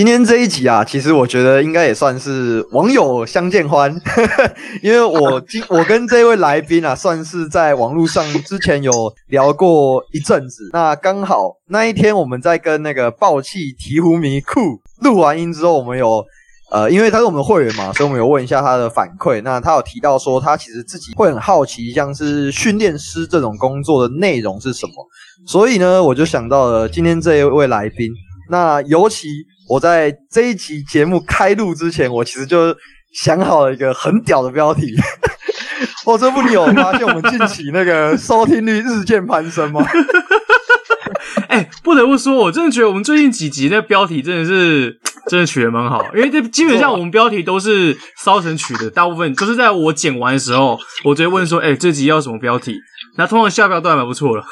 今天這一集啊，其實我覺得應該也算是網友相見歡，呵呵，因為我今我跟這一位來賓啊，算是在網絡上之前有聊過一陣子。那剛好那一天我們在跟那個爆氣鵜鶘迷酷錄完音之後，我們有呃，因為他是我們的會員嘛，所以我們有問一下他的反饋。那他有提到說，他其實自己會很好奇，像是訓練師這種工作的內容是什麼。所以呢，我就想到了今天這一位來賓，那尤其。我在這一集節目開錄之前，我其實就想好了一個很屌的標題。我、 哦、這不你有發現我們近期那個收聽率日漸攀升嗎？哎、 欸，不得不說，我真的覺得我們最近幾集的標題真的是真的取得蠻好，因為這基本上我們標題都是騷神取的，大部分就是在我剪完的時候，我直接問說：“哎、欸，這集要什麼標題？”那通常下半段還蠻不錯了，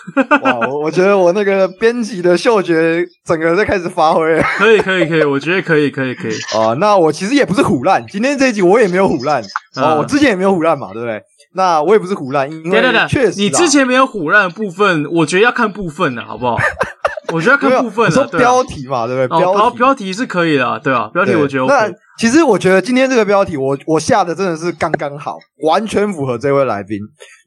哇！我我覺得我那個編輯的嗅覺，整個在開始發揮。 可以，可以，可以，我覺得可以，可以，可以、呃。啊，那我其實也不是唬爛，今天這一集我也沒有唬爛，啊、呃，我之前也沒有唬爛嘛，對不對？那我也不是虎爛，因為確實。你之前沒有虎爛的部分，我覺得要看部分的，好不好？ 我覺得要看部分啦，說標題嘛，對不、啊、對、啊哦？標題、哦、標題是可以的、啊，對啊，標題我覺得我那其實我覺得今天這個標題我，我我下的真的是剛剛好，完全符合這位來賓，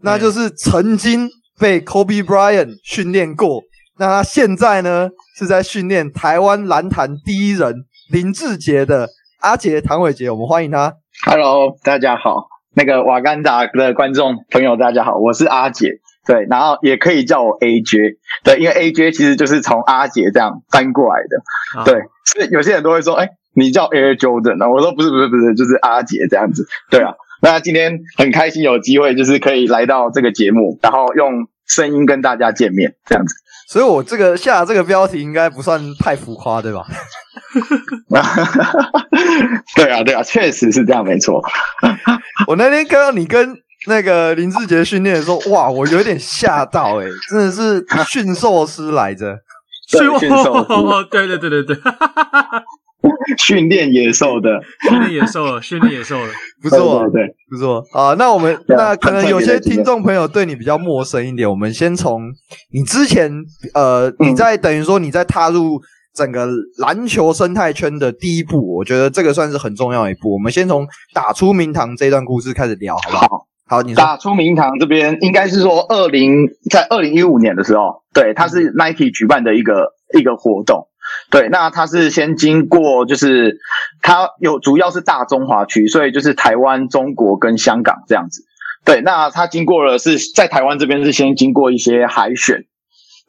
那就是曾經被 Kobe Bryant 訓練過，那他現在呢是在訓練台灣籃壇第一人林志傑的阿杰唐偉杰，我們歡迎他。Hello，大家好。那個瓦甘達的觀眾朋友，大家好，我是阿杰，對，然後也可以叫我 AJ，對，因為 AJ 其實就是從阿杰這樣翻過來的、啊，對，所以有些人都會說，哎、欸，你叫 Air Jordan、啊、我說不是不是不是，就是阿杰這樣子，對啊，那今天很開心有機會，就是可以來到這個節目，然後用聲音跟大家見面這樣子，所以我這個下這個標題應該不算太浮誇，對吧？ 哈哈哈哈哈！對啊，對啊，確實是這樣，沒錯。 我那天看到你跟那個林志傑訓練的時候，哇，我有點嚇到、欸，哎，真的是馴獸師來着。馴 獸？對 對對對對，訓 練野獸的，訓 練野獸，訓練野獸的， 不錯，對，不錯啊。那我們那可能有些聽眾朋友對你比較陌生一點，我們先從你之前呃，嗯、你在等於說你在踏入。整個籃球生態圈的第一步，我覺得這個算是很重要一步。我們先從打出名堂這段故事開始聊，好不好？好，你說。打出名堂這邊應該是說二零，在二零一五年的時候，對，它是 Nike 舉辦的一個一個活動。對，那它是先經過，就是它有主要是大中華區，所以就是台灣、中國跟香港這樣子。對，那它經過了是在台灣這邊是先經過一些海選。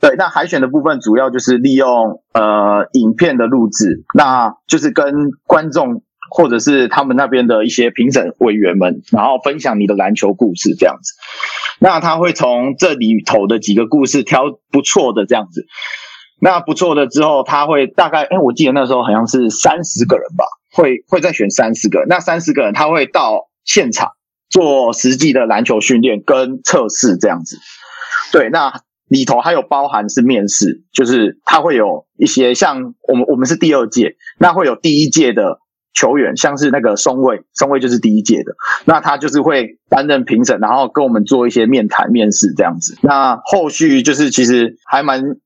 對，那海選的部分主要就是利用呃影片的錄製，那就是跟觀眾或者是他們那邊的一些評審委員們，然後分享你的籃球故事這樣子。那他會從這裡頭的幾個故事挑不錯的這樣子。那不錯的之後，他會大概，哎、欸，我記得那時候好像是三十個人吧，會會再選三十個人。那三十個人他會到現場做實際的籃球訓練跟測試這樣子。對，那。裡頭還有包含是面試，就是他會有一些像我們，我們是第二屆，那會有第一屆的球員，像是那個松衛，松衛就是第一屆的，那他就是會擔任評審，然後跟我們做一些面談、面試這樣子。那後續就是其實還蠻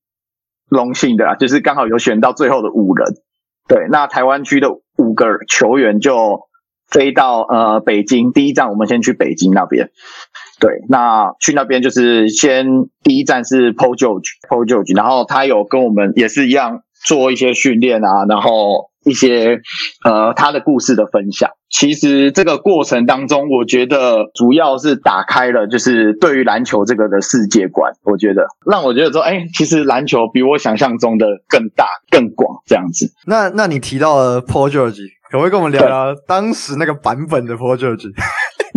榮幸的啦，就是剛好有選到最後的五人，對，那台灣區的五個球員就飛到呃北京，第一站我們先去北京那邊。對，那去那邊就是先第一站是 Paul George, Paul George, 然後他有跟我們也是一樣做一些訓練啊，然後一些呃他的故事的分享。其實這個過程當中，我覺得主要是打開了，就是對於籃球這個的世界觀，我覺得讓我覺得說，哎，其實籃球比我想象中的更大更廣這樣子。那那你提到了 Paul George，可不可以跟我們聊聊當時那個版本的 Paul George？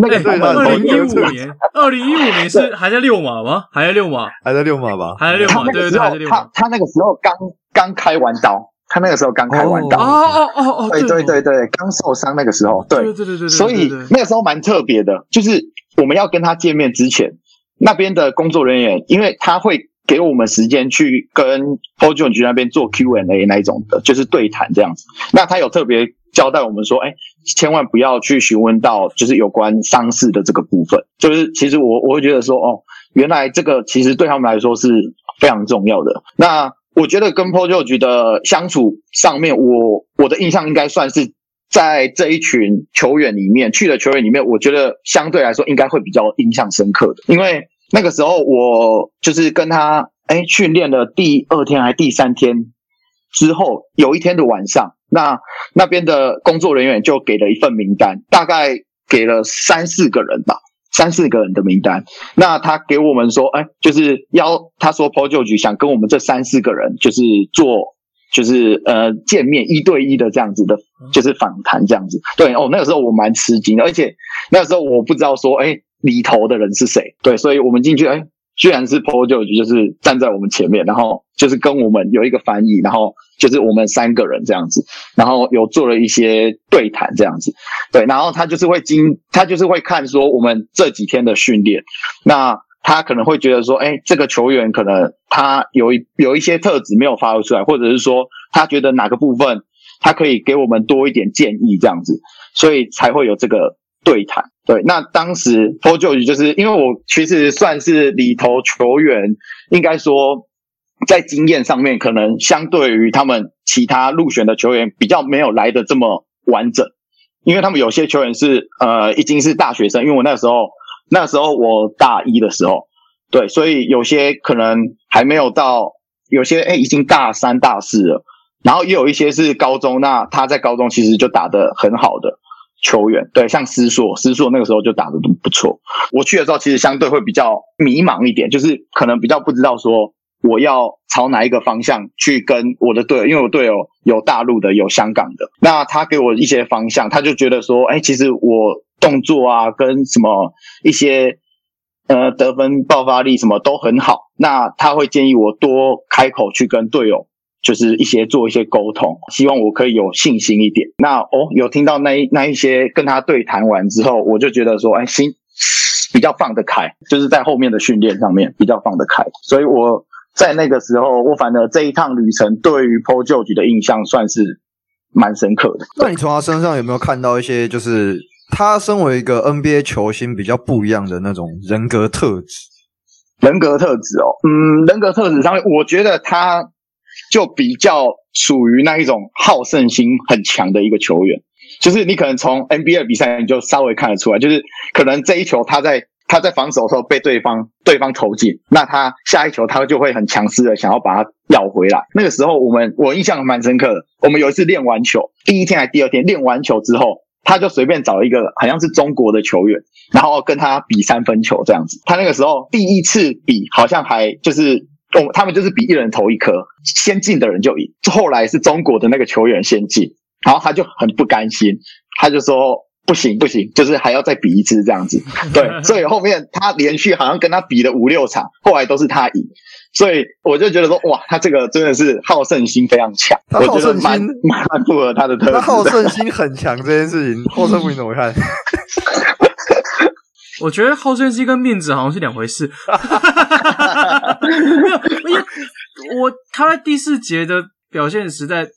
哎、那個欸，二零一五年，二零一五年是還在溜馬嗎？還在溜馬，還在溜馬吧？還在溜馬，對對對，他他那個時候剛剛開完刀，他那個時候剛開完刀哦哦哦，對對對對，剛受傷那個時候，對對對對。所以對對對對對那個時候蠻特別的，就是我們要跟他見面之前，那邊的工作人員，因為他會給我們時間去跟 Paul George 那邊做 Q&A 那一種的，就是對談這樣子。那他有特別交代我們說，哎、欸。千萬不要去詢問到就是有關傷勢的這個部分，就是其實我我會覺得說哦，原來這個其實對他們來說是非常重要的。那我覺得跟 p o r t i 的相處上面，我我的印象應該算是在這一群球員裡面去的球員裡面，我覺得相對來說應該會比較印象深刻的，因為那個時候我就是跟他哎、訓練的第二天還是第三天之後有一天的晚上。那那邊的工作人員就給了一份名單，大概給了三四個人吧，三四個人的名單。那他給我們說，哎、欸，就是要他說 Paul George 想跟我們這三四個人，就是做，就是呃見面一對一的這樣子的，就是訪談這樣子。對，哦，那個時候我蠻吃驚的，而且那個時候我不知道說，哎、欸，裡頭的人是誰。對，所以我們進去，哎、欸。居然是 Pojo，就是站在我們前面，然後就是跟我們有一個翻譯，然後就是我們三個人這樣子，然後有做了一些對談這樣子，對，然後他就是會經，他就是會看說我們這幾天的訓練，那他可能會覺得說，哎、欸，這個球員可能他有一有一些特質沒有發揮出來，或者是說他覺得哪個部分他可以給我們多一點建議這樣子，所以才會有這個對談。對，那當時 Paul George 就是因為我其實算是裡頭球員，應該說在經驗上面，可能相對於他們其他入選的球員比較沒有來得這麼完整，因為他們有些球員是呃已經是大學生，因為我那時候那時候我大一的時候，對，所以有些可能還沒有到，有些哎已經大三大四了，然後也有一些是高中，那他在高中其實就打得很好的。球員對，像施碩，施碩那個時候就打得都不錯。我去的時候其實相對會比較迷茫一點，就是可能比較不知道說我要朝哪一個方向去跟我的隊友，因為我隊友有大陸的，有香港的。那他給我一些方向，他就覺得說，哎、欸，其實我動作啊，跟什麼一些呃得分爆發力什麼都很好。那他會建議我多開口去跟隊友。就是一些做一些溝通，希望我可以有信心一點。那哦，有聽到那一那一些跟他對談完之後，我就覺得說，哎，心比較放得開，就是在後面的訓練上面比較放得開。所以我在那個時候，我反正這一趟旅程對於 Paul George 的印象算是蠻深刻的。那你從他身上有沒有看到一些，就是他身為一個 NBA 球星比較不一樣的那種人格特質？人格特質哦，嗯，人格特質上面，我覺得他。就比較屬於那一種好勝心很強的一個球員，就是你可能從 NBA 比賽你就稍微看得出來，就是可能這一球他在他在防守的時候被對方對方投進，那他下一球他就會很強勢的想要把它咬回來。那個時候我們我印象蠻深刻的，我們有一次練完球，第一天還第二天練完球之後，他就隨便找一個好像是中國的球員，然後跟他比三分球這樣子。他那個時候第一次比好像還就是。哦，他們就是比一人投一顆，先進的人就贏。後來是中國的那個球員先進，然後他就很不甘心，他就說：“不行不行，就是還要再比一次這樣子。”對， 所以後面他連續好像跟他比了五六場，後來都是他贏。所以我就覺得說：“哇，他這個真的是好勝心非常強。”他好勝心我覺得蠻蠻符合他的特點。他好勝心很強這件事情，好 勝心怎麼看？ 我覺得好勝心跟面子好像是兩回事。 沒有，沒有我，他在第四節的表現實在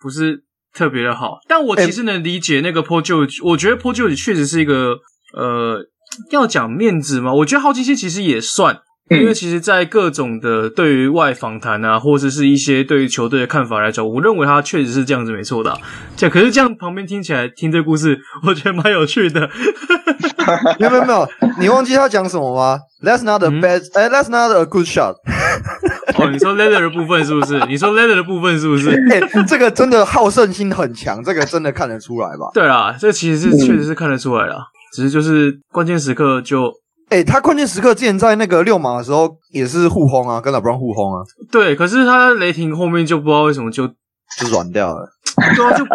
不是特別的好。但我其實能理解那個破舊，我覺得破舊也確實是一個呃要講面子嘛。我覺得好奇心其實也算，因為其實在各種的對於外訪談啊，或者是一些對於球隊的看法來講，我認為他確實是這樣子沒錯的啊。這可是這樣旁邊聽起來聽這故事，我覺得蠻有趣的。 沒 有、欸、沒有沒有，你忘記他講什麼嗎？let's not a bad，哎、嗯欸、that's not a good shot 哦，你說 leather 的部分是不是？你說 leather 的部分是不是、欸？這個真的好勝心很強，這個真的看得出來吧？ 對啊，這其實是確實是看得出來了、嗯，只是就是關鍵時刻就，哎、欸，他關鍵時刻之前在那個溜馬的時候也是互轟啊，跟 LeBron 互轟啊。對，可是他雷霆後面就不知道為什麼就就軟掉了，對啊就。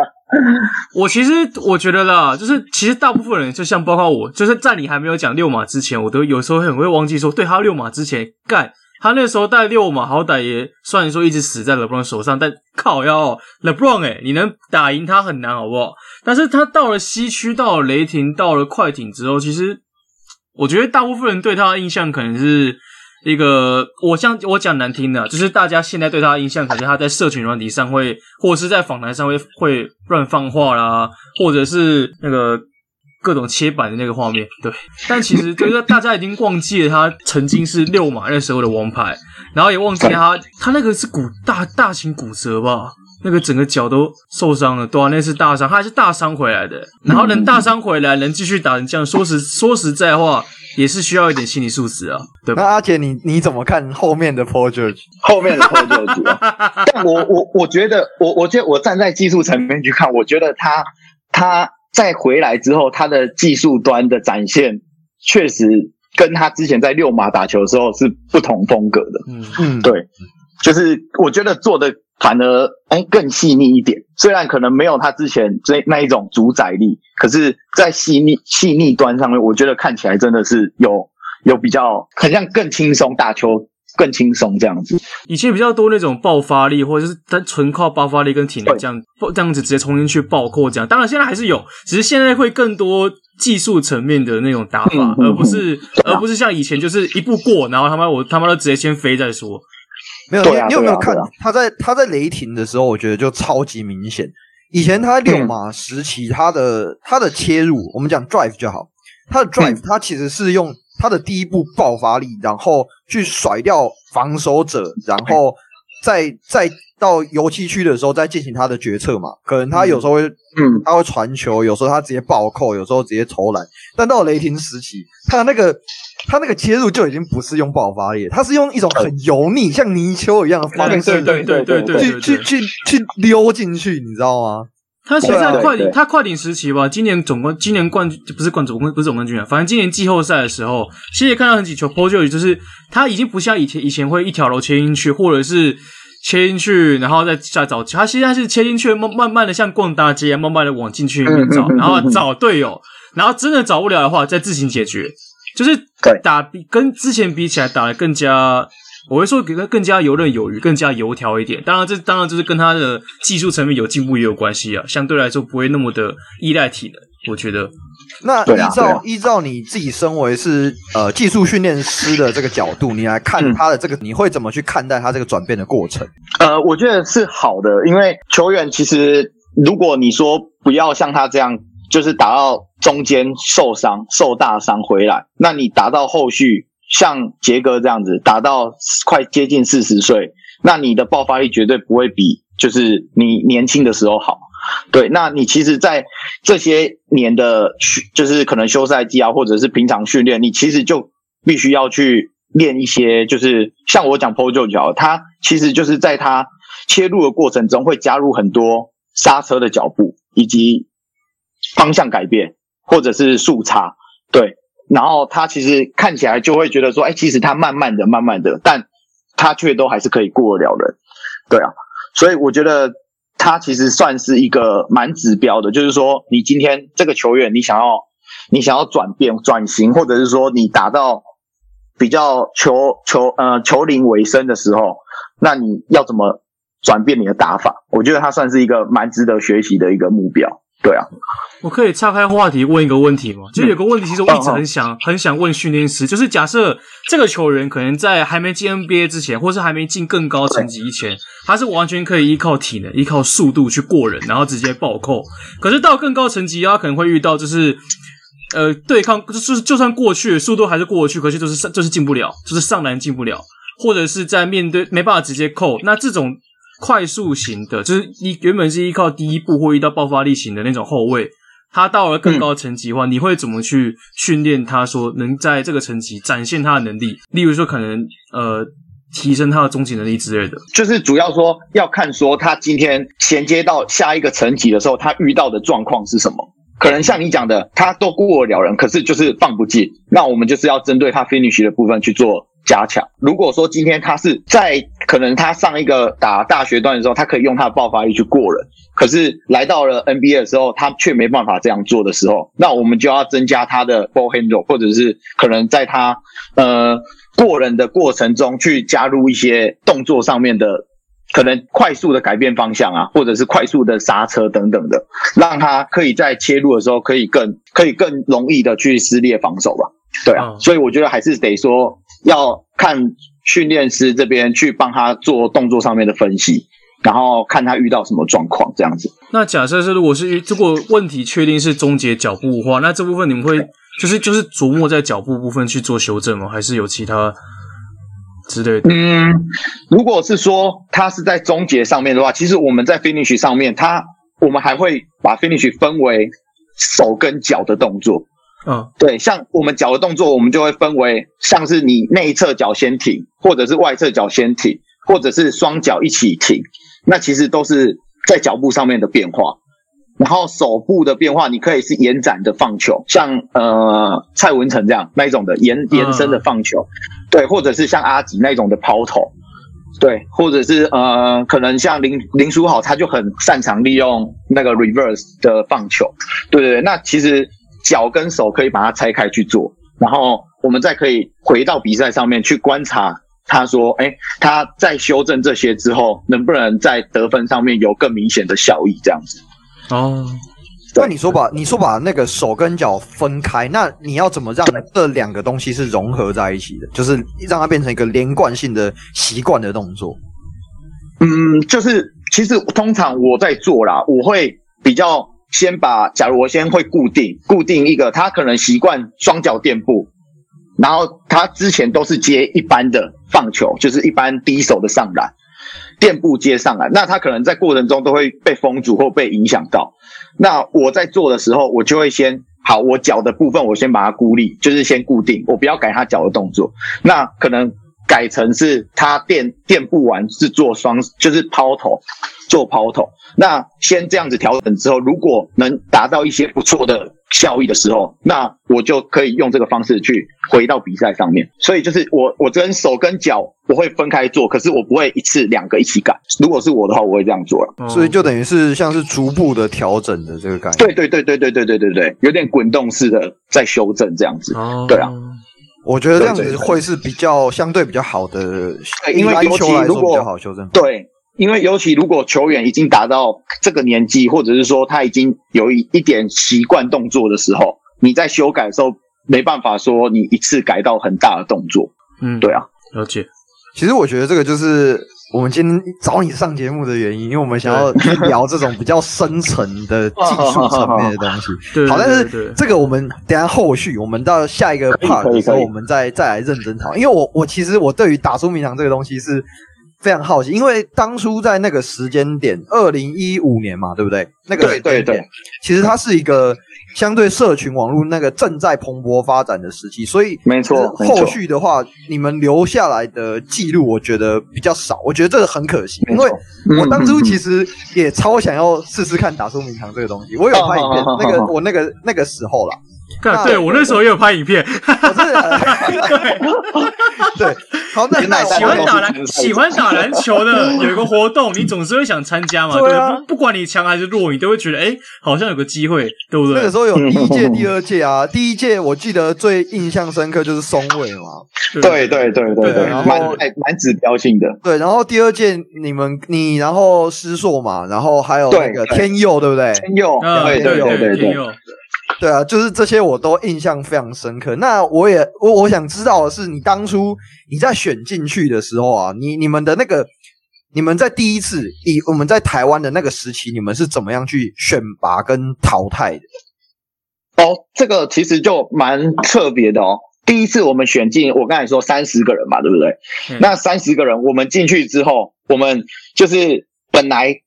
我其實我覺得啦，就是其實大部分人就像包括我，就是在你還沒有講溜馬之前，我都有時候很會忘記說，對他溜馬之前幹，他那時候帶溜馬，好歹也算說一直死在 LeBron 手上，但靠腰哦 LeBron 誒你能打贏他很難好不好？但是他到了西區，到了雷霆，到了快艇之後，其實我覺得大部分人對他的印象可能是。一個，我像我講難聽的，就是大家現在對他的印象，感覺他在社群軟體上會，或者是在訪談上會會亂放話啦，或者是那個各種切板的那個畫面。對，但其實就是大家已經忘記了，他曾經是六馬那時候的王牌，然後也忘記了他他那個是骨大大型骨折吧，那個整個腳都受傷了，對啊，那是大傷，他還是大傷回來的，然後能大傷回來，能繼續打，你這樣說實說實在話，也是需要一點心理素質啊，對吧？那阿杰，你你怎麼看後面的 Paul George 後面的 Paul George，、啊、 但我我我覺得，我我覺得我站在技術層面去看，我覺得他他在回來之後，他的技術端的展現，確實跟他之前在六馬打球的時候是不同風格的，嗯嗯，對。嗯就是我覺得做的反而哎，更細膩一點，雖然可能沒有他之前那那一種主宰力，可是，在細膩細膩端上面，我覺得看起來真的是有有比較，好像更輕鬆打球，更輕鬆這樣子。以前比較多那種爆發力，或者是單純靠爆發力跟體能這樣這樣子直接衝進去爆破這樣。當然現在還是有，只是現在會更多技術層面的那種打法，嗯、而不是、嗯啊、而不是像以前就是一步過，然後他媽我他媽都直接先飛再說。沒有、啊、你，有沒有看他在他在雷霆的時候？我覺得就超級明顯。以前他溜馬時期，他的、嗯、他的切入，我們講 drive 就好，他的 drive，他其實是用他的第一步爆發力，然後去甩掉防守者，然後。在再，再到油漆區的時候，再進行他的決策嘛？可能他有時候會，嗯嗯、他會傳球，有時候他直接暴扣，有時候直接投籃。但到雷霆時期，他那個他那個切入就已經不是用爆發力了，他是用一種很油膩、嗯，像泥鰍一樣的方式去對對對對對去去去溜進去，你知道嗎？他現在快艇他快艇時期吧。今年總冠，今年冠軍，不是冠總冠軍，不是總冠軍啊。反正今年季後賽的時候，其實也看到很幾球就舊，就是他已經不像以前，以前會一條龍切進去，或者是切進去然後再再找。他現在是切進去，慢慢慢的像逛大街，慢慢的往進去裡面找，然後找隊友，然後真的找不了的話，再自行解決。就是打比跟之前比起來，打得更加。我會說，給他更加游刃有餘，更加油條一點。當然這，這當然就是跟他的技術層面有進步也有關係啊。相對來說，不會那麼的依賴體能。我覺得，那依照、對啊、對啊、依照你自己身為是呃技術訓練師的這個角度，你來看他的這個、嗯，你會怎麼去看待他這個轉變的過程？呃，我覺得是好的，因為球員其實如果你說不要像他這樣，就是打到中間受傷、受大傷回來，那你打到後續。像傑哥這樣子打到快接近四十歲，那你的爆發力絕對不會比就是你年輕的時候好。對，那你其實，在這些年的，就是可能休賽季啊，或者是平常訓練，你其實就必須要去練一些，就是像我講 POJO 腳，它其實就是在它切入的過程中會加入很多剎車的腳步，以及方向改變，或者是速差，對。然後他其實看起來就會覺得說，哎、欸，其實他慢慢的、慢慢的，但他卻都還是可以過得了人，對啊。所以我覺得他其實算是一個蠻指標的，就是說，你今天這個球員，你想要你想要轉變轉型，或者是說你打到比較球球呃球齡尾聲的時候，那你要怎麼轉變你的打法？我覺得他算是一個蠻值得學習的一個目標。對啊，我可以岔開話題問一個問題嗎？就有個問題，其實我一直很想、嗯哦、很想問訓練師，就是假設這個球員可能在還沒進 NBA 之前，或是還沒進更高層級以前，他是完全可以依靠體能、依靠速度去過人，然後直接暴扣。可是到更高層級，啊，可能會遇到就是，呃，對抗就是就算過去速度還是過得去，可是就是上就是進不了，就是上籃進不了，或者是在面對沒辦法直接扣，那這種。快速型的，就是你原本是依靠第一步或遇到爆發力型的那種後衛，他到了更高層級的話，嗯、你會怎麼去訓練他，說能在這個層級展現他的能力？例如說，可能呃，提升他的終結能力之類的。就是主要說要看說他今天銜接到下一個層級的時候，他遇到的狀況是什麼？可能像你講的，他都過得了人，可是就是放不進。那我們就是要針對他 finish 的部分去做。加強。如果說今天他是在可能他上一個打大學段的時候，他可以用他的爆發力去過人，可是來到了 NBA 的時候，他卻沒辦法這樣做的時候，那我們就要增加他的 ball handle，或者是可能在他呃過人的過程中去加入一些動作上面的可能快速的改變方向啊，或者是快速的剎車等等的，讓他可以在切入的時候可以更可以更容易的去撕裂防守吧。對啊，oh. 所以我覺得還是得說。要看訓練師這邊去幫他做動作上面的分析，然後看他遇到什麼狀況這樣子。那假設是如果是如果問題確定是終結腳步的話，那這部分你們會就是、Okay. 就是、就是琢磨在腳步部分去做修正嗎？還是有其他之類的？嗯，如果是說他是在終結上面的話，其實我們在 finish 上面，他我們還會把 finish 分為手跟腳的動作。嗯，對，像我們腳的動作，我們就會分為像是你內側腳先停，或者是外側腳先停，或者是雙腳一起停，那其實都是在腳步上面的變化。然後手部的變化，你可以是延展的放球，像呃蔡文成這樣那一種的延延伸的放球，嗯、對，或者是像阿吉那種的拋投，對，或者是呃可能像林林書豪他就很擅長利用那個 reverse 的放球，對對，那其實。腳跟手可以把它拆開去做，然後我們再可以回到比賽上面去觀察。他說：“哎，他在修正這些之後，能不能在得分上面有更明顯的效益？”這樣子。哦，對，那你說吧，你說把那個手跟腳分開，那你要怎麼讓這兩個東西是融合在一起的？就是讓它變成一個連貫性的習慣的動作。嗯，就是其實通常我在做啦，我會比較。先把，假如我先會固定，固定一個，他可能習慣雙腳墊步，然後他之前都是接一般的放球，就是一般低手的上籃，墊步接上籃，那他可能在過程中都會被封阻或被影響到。那我在做的時候，我就會先，好，我腳的部分我先把它孤立，就是先固定，我不要改他腳的動作，那可能。改成是他墊墊步完，是做雙，就是拋投，做拋投。那先這樣子調整之後，如果能達到一些不錯的效益的時候，那我就可以用這個方式去回到比賽上面。所以就是我我跟手跟腳我會分開做，可是我不會一次兩個一起改。如果是我的話，我會這樣做，啊嗯。所以就等於是像是逐步的調整的這個感覺。對對對對對對對對對對，有點滾動式的在修正這樣子。嗯、對啊。我覺得這樣子會是比較相對比較好的，因為尤其如果，對，因為尤其如果球員已經達到這個年紀，或者是說他已經有一一點習慣動作的時候，你在修改的時候沒辦法說你一次改到很大的動作。嗯，對啊，了解。其實我覺得這個就是。我們今天找你上節目的原因，因為我們想要聊這種比較深層的技術層面的東西。 好，好，好，對對對對好，但是這個我們等下後續，我們到下一個 part 的時候，我們再再來認真討論。因為我我其實我對於打出名堂這個東西是。非常好奇，因為當初在那個時間點，二零一五年嘛，對不對？那個，對對對，其實它是一個相對社群網絡那個正在蓬勃發展的時期，所以沒錯，後續的話，你們留下來的記錄，我覺得比較少。我覺得這個很可惜，因為我當初其實也超想要試試看打出名堂這個東西，我有拍影片，啊啊啊啊啊、那個我那個那個時候啦。啊、對，我那時候也有拍影片。是 嗯、對 對，好，那喜歡打籃喜歡打籃球的有一個活動， 你總是會想參加嘛，對,、啊、對不對？不管你強還是弱，你都會覺得哎、欸，好像有個機會，對不對？那個時候有第一屆、第二屆啊。 第一屆我記得最印象深刻就是松尾嘛對。對對對對對，對然後蠻指標性的。對，然後第二屆你們你然後師碩嘛，然後還有那個天佑，對不對？天佑，對、啊、對對對。天佑對對對天佑對對啊，就是這些我都印象非常深刻。那我也我我想知道的是，你當初你在選進去的時候啊，你你們的那個，你們在第一次以我們在台灣的那個時期，你們是怎麼樣去選拔跟淘汰的？哦，這個其實就蠻特別的哦。第一次我們選進，我剛才說三十個人嘛，對不對？嗯、那三十個人我們進去之後，我們就是本來。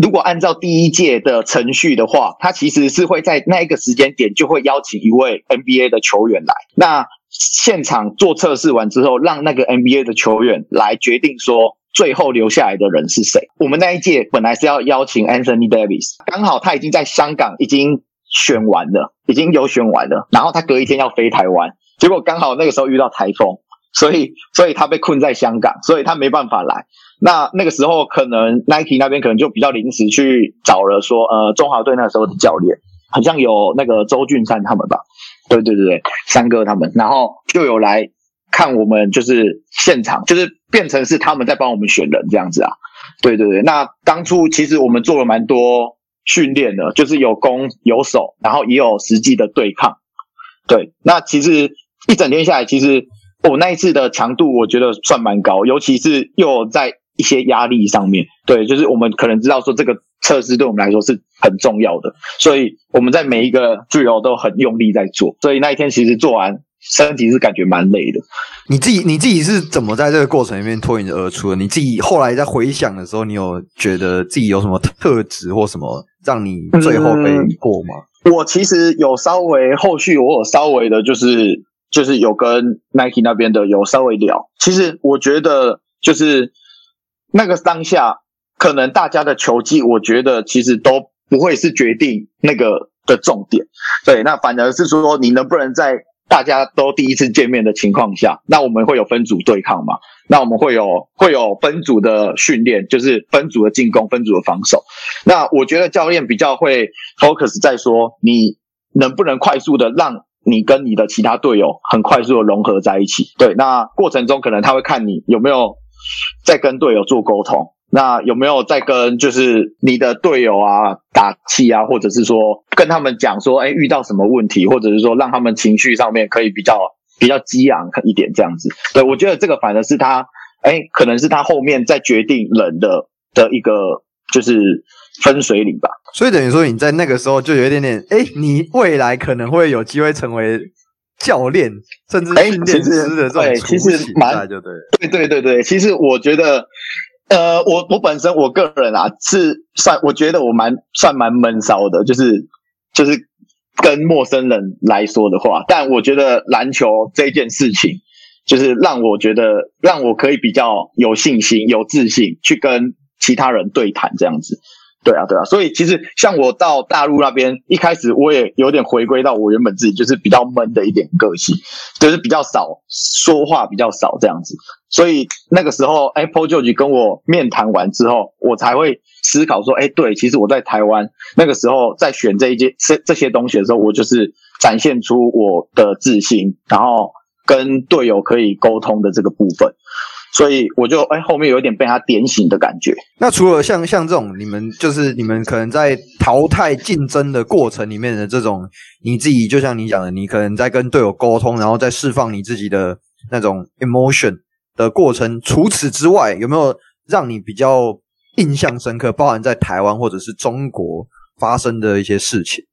如果按照第一屆的程序的話，他其實是會在那一個時間點就會邀請一位 NBA 的球員來。那現場做測試完之後，讓那個 NBA 的球員來決定說最後留下來的人是誰。我們那一屆本來是要邀請 Anthony Davis，剛好他已經在香港已經選完了，已經有選完了。然後他隔一天要飛台灣，結果剛好那個時候遇到台風，所以所以他被困在香港，所以他沒辦法來。那那個時候可能 Nike 那邊可能就比較臨時去找了，說呃中華隊那時候的教練，好像有那個周俊三他們吧，對對對對，三哥他們，然後就有來看我們，就是現場就是變成是他們在幫我們選人這樣子啊，對對對。那當初其實我們做了蠻多訓練的，就是有攻有守，然後也有實際的對抗。對，那其實一整天下來，其實我、哦、那一次的強度我覺得算蠻高，尤其是又在一些壓力上面，對，就是我們可能知道說這個測試對我們來說是很重要的，所以我們在每一個自由都很用力在做，所以那一天其實做完，身體是感覺蠻累的。你自己你自己是怎麼在這個過程裡面脫穎而出的？你自己後來在回想的時候，你有覺得自己有什麼特質或什麼讓你最後被過嗎？嗯，我其實有稍微，後續我有稍微的就是就是有跟 Nike 那邊的有稍微聊，其實我覺得就是。那個當下，可能大家的球技，我覺得其實都不會是決定那個的重點。對，那反而是說，你能不能在大家都第一次見面的情況下，那我們會有分組對抗嘛？那我們會有會有分組的訓練，就是分組的進攻，分組的防守。那我覺得教練比較會 focus 在說，你能不能快速的讓你跟你的其他隊友很快速的融合在一起。對，那過程中可能他會看你有沒有。在跟隊友做溝通，那有沒有在跟就是你的隊友啊打氣啊，或者是說跟他們講說，欸，遇到什麼問題，或者是說讓他們情緒上面可以比較比較激昂一點這樣子？對，我覺得這個反而是他，欸，可能是他後面在決定人的的一個就是分水嶺吧。所以等於說你在那個時候就有一點點，欸，你未來可能會有機會成為。教練，甚至是訓練師的這種期待、欸，對，其實蠻就對，對對對對。其實我覺得，呃，我我本身我個人啊，是算我覺得我蠻算蠻悶騷的，就是就是跟陌生人來說的話，但我覺得籃球這件事情，就是讓我覺得讓我可以比較有信心、有自信去跟其他人對談這樣子。對啊，對啊，所以其實像我到大陸那邊，一開始我也有點回歸到我原本自己就是比較悶的一點個性，就是比較少說話，比較少這樣子。所以那個時候，哎，Apple George 跟我面談完之後，我才會思考說，哎，對，其實我在台灣那個時候在選這一些，這這些東西的時候，我就是展現出我的自信，然後跟隊友可以溝通的這個部分。所以我就哎、欸，後面有點被他點醒的感覺。那除了像、像這種，你們就是你們可能在淘汰競爭的過程裡面的這種，你自己就像你講的，你可能在跟隊友溝通，然後再釋放你自己的那種 emotion 的過程。除此之外，有沒有讓你比較印象深刻，包含在台灣或者是中國發生的一些事情？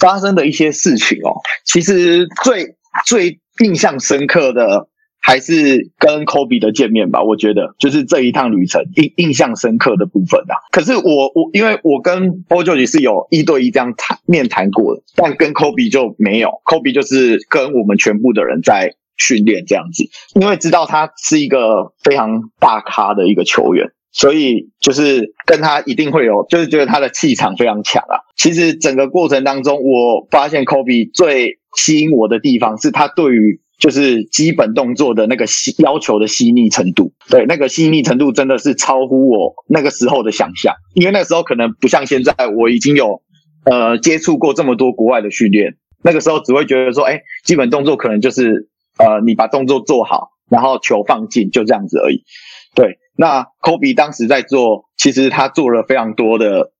發生的一些事情哦，其實最最印象深刻的。還是跟 Kobe 的見面吧，我覺得就是這一趟旅程印印象深刻的部分啊。可是我我因為我跟 Boji 是有一對一這樣談面談過的，但跟 Kobe 就沒有，Kobe 就是跟我們全部的人在訓練這樣子。因為知道他是一個非常大咖的一個球員，所以就是跟他一定會有，就是覺得他的氣場非常強啊。其實整個過程當中，我發現 Kobe 最吸引我的地方是他對於。就是基本動作的那個細要求的細膩程度，對，那個細膩程度真的是超乎我那個時候的想象，因為那個時候可能不像現在，我已經有呃接觸過這麼多國外的訓練，那個時候只會覺得說，哎、欸，基本動作可能就是呃你把動作做好，然後球放進，就這樣子而已。對，那科比當時在做，其實他做了非常多的，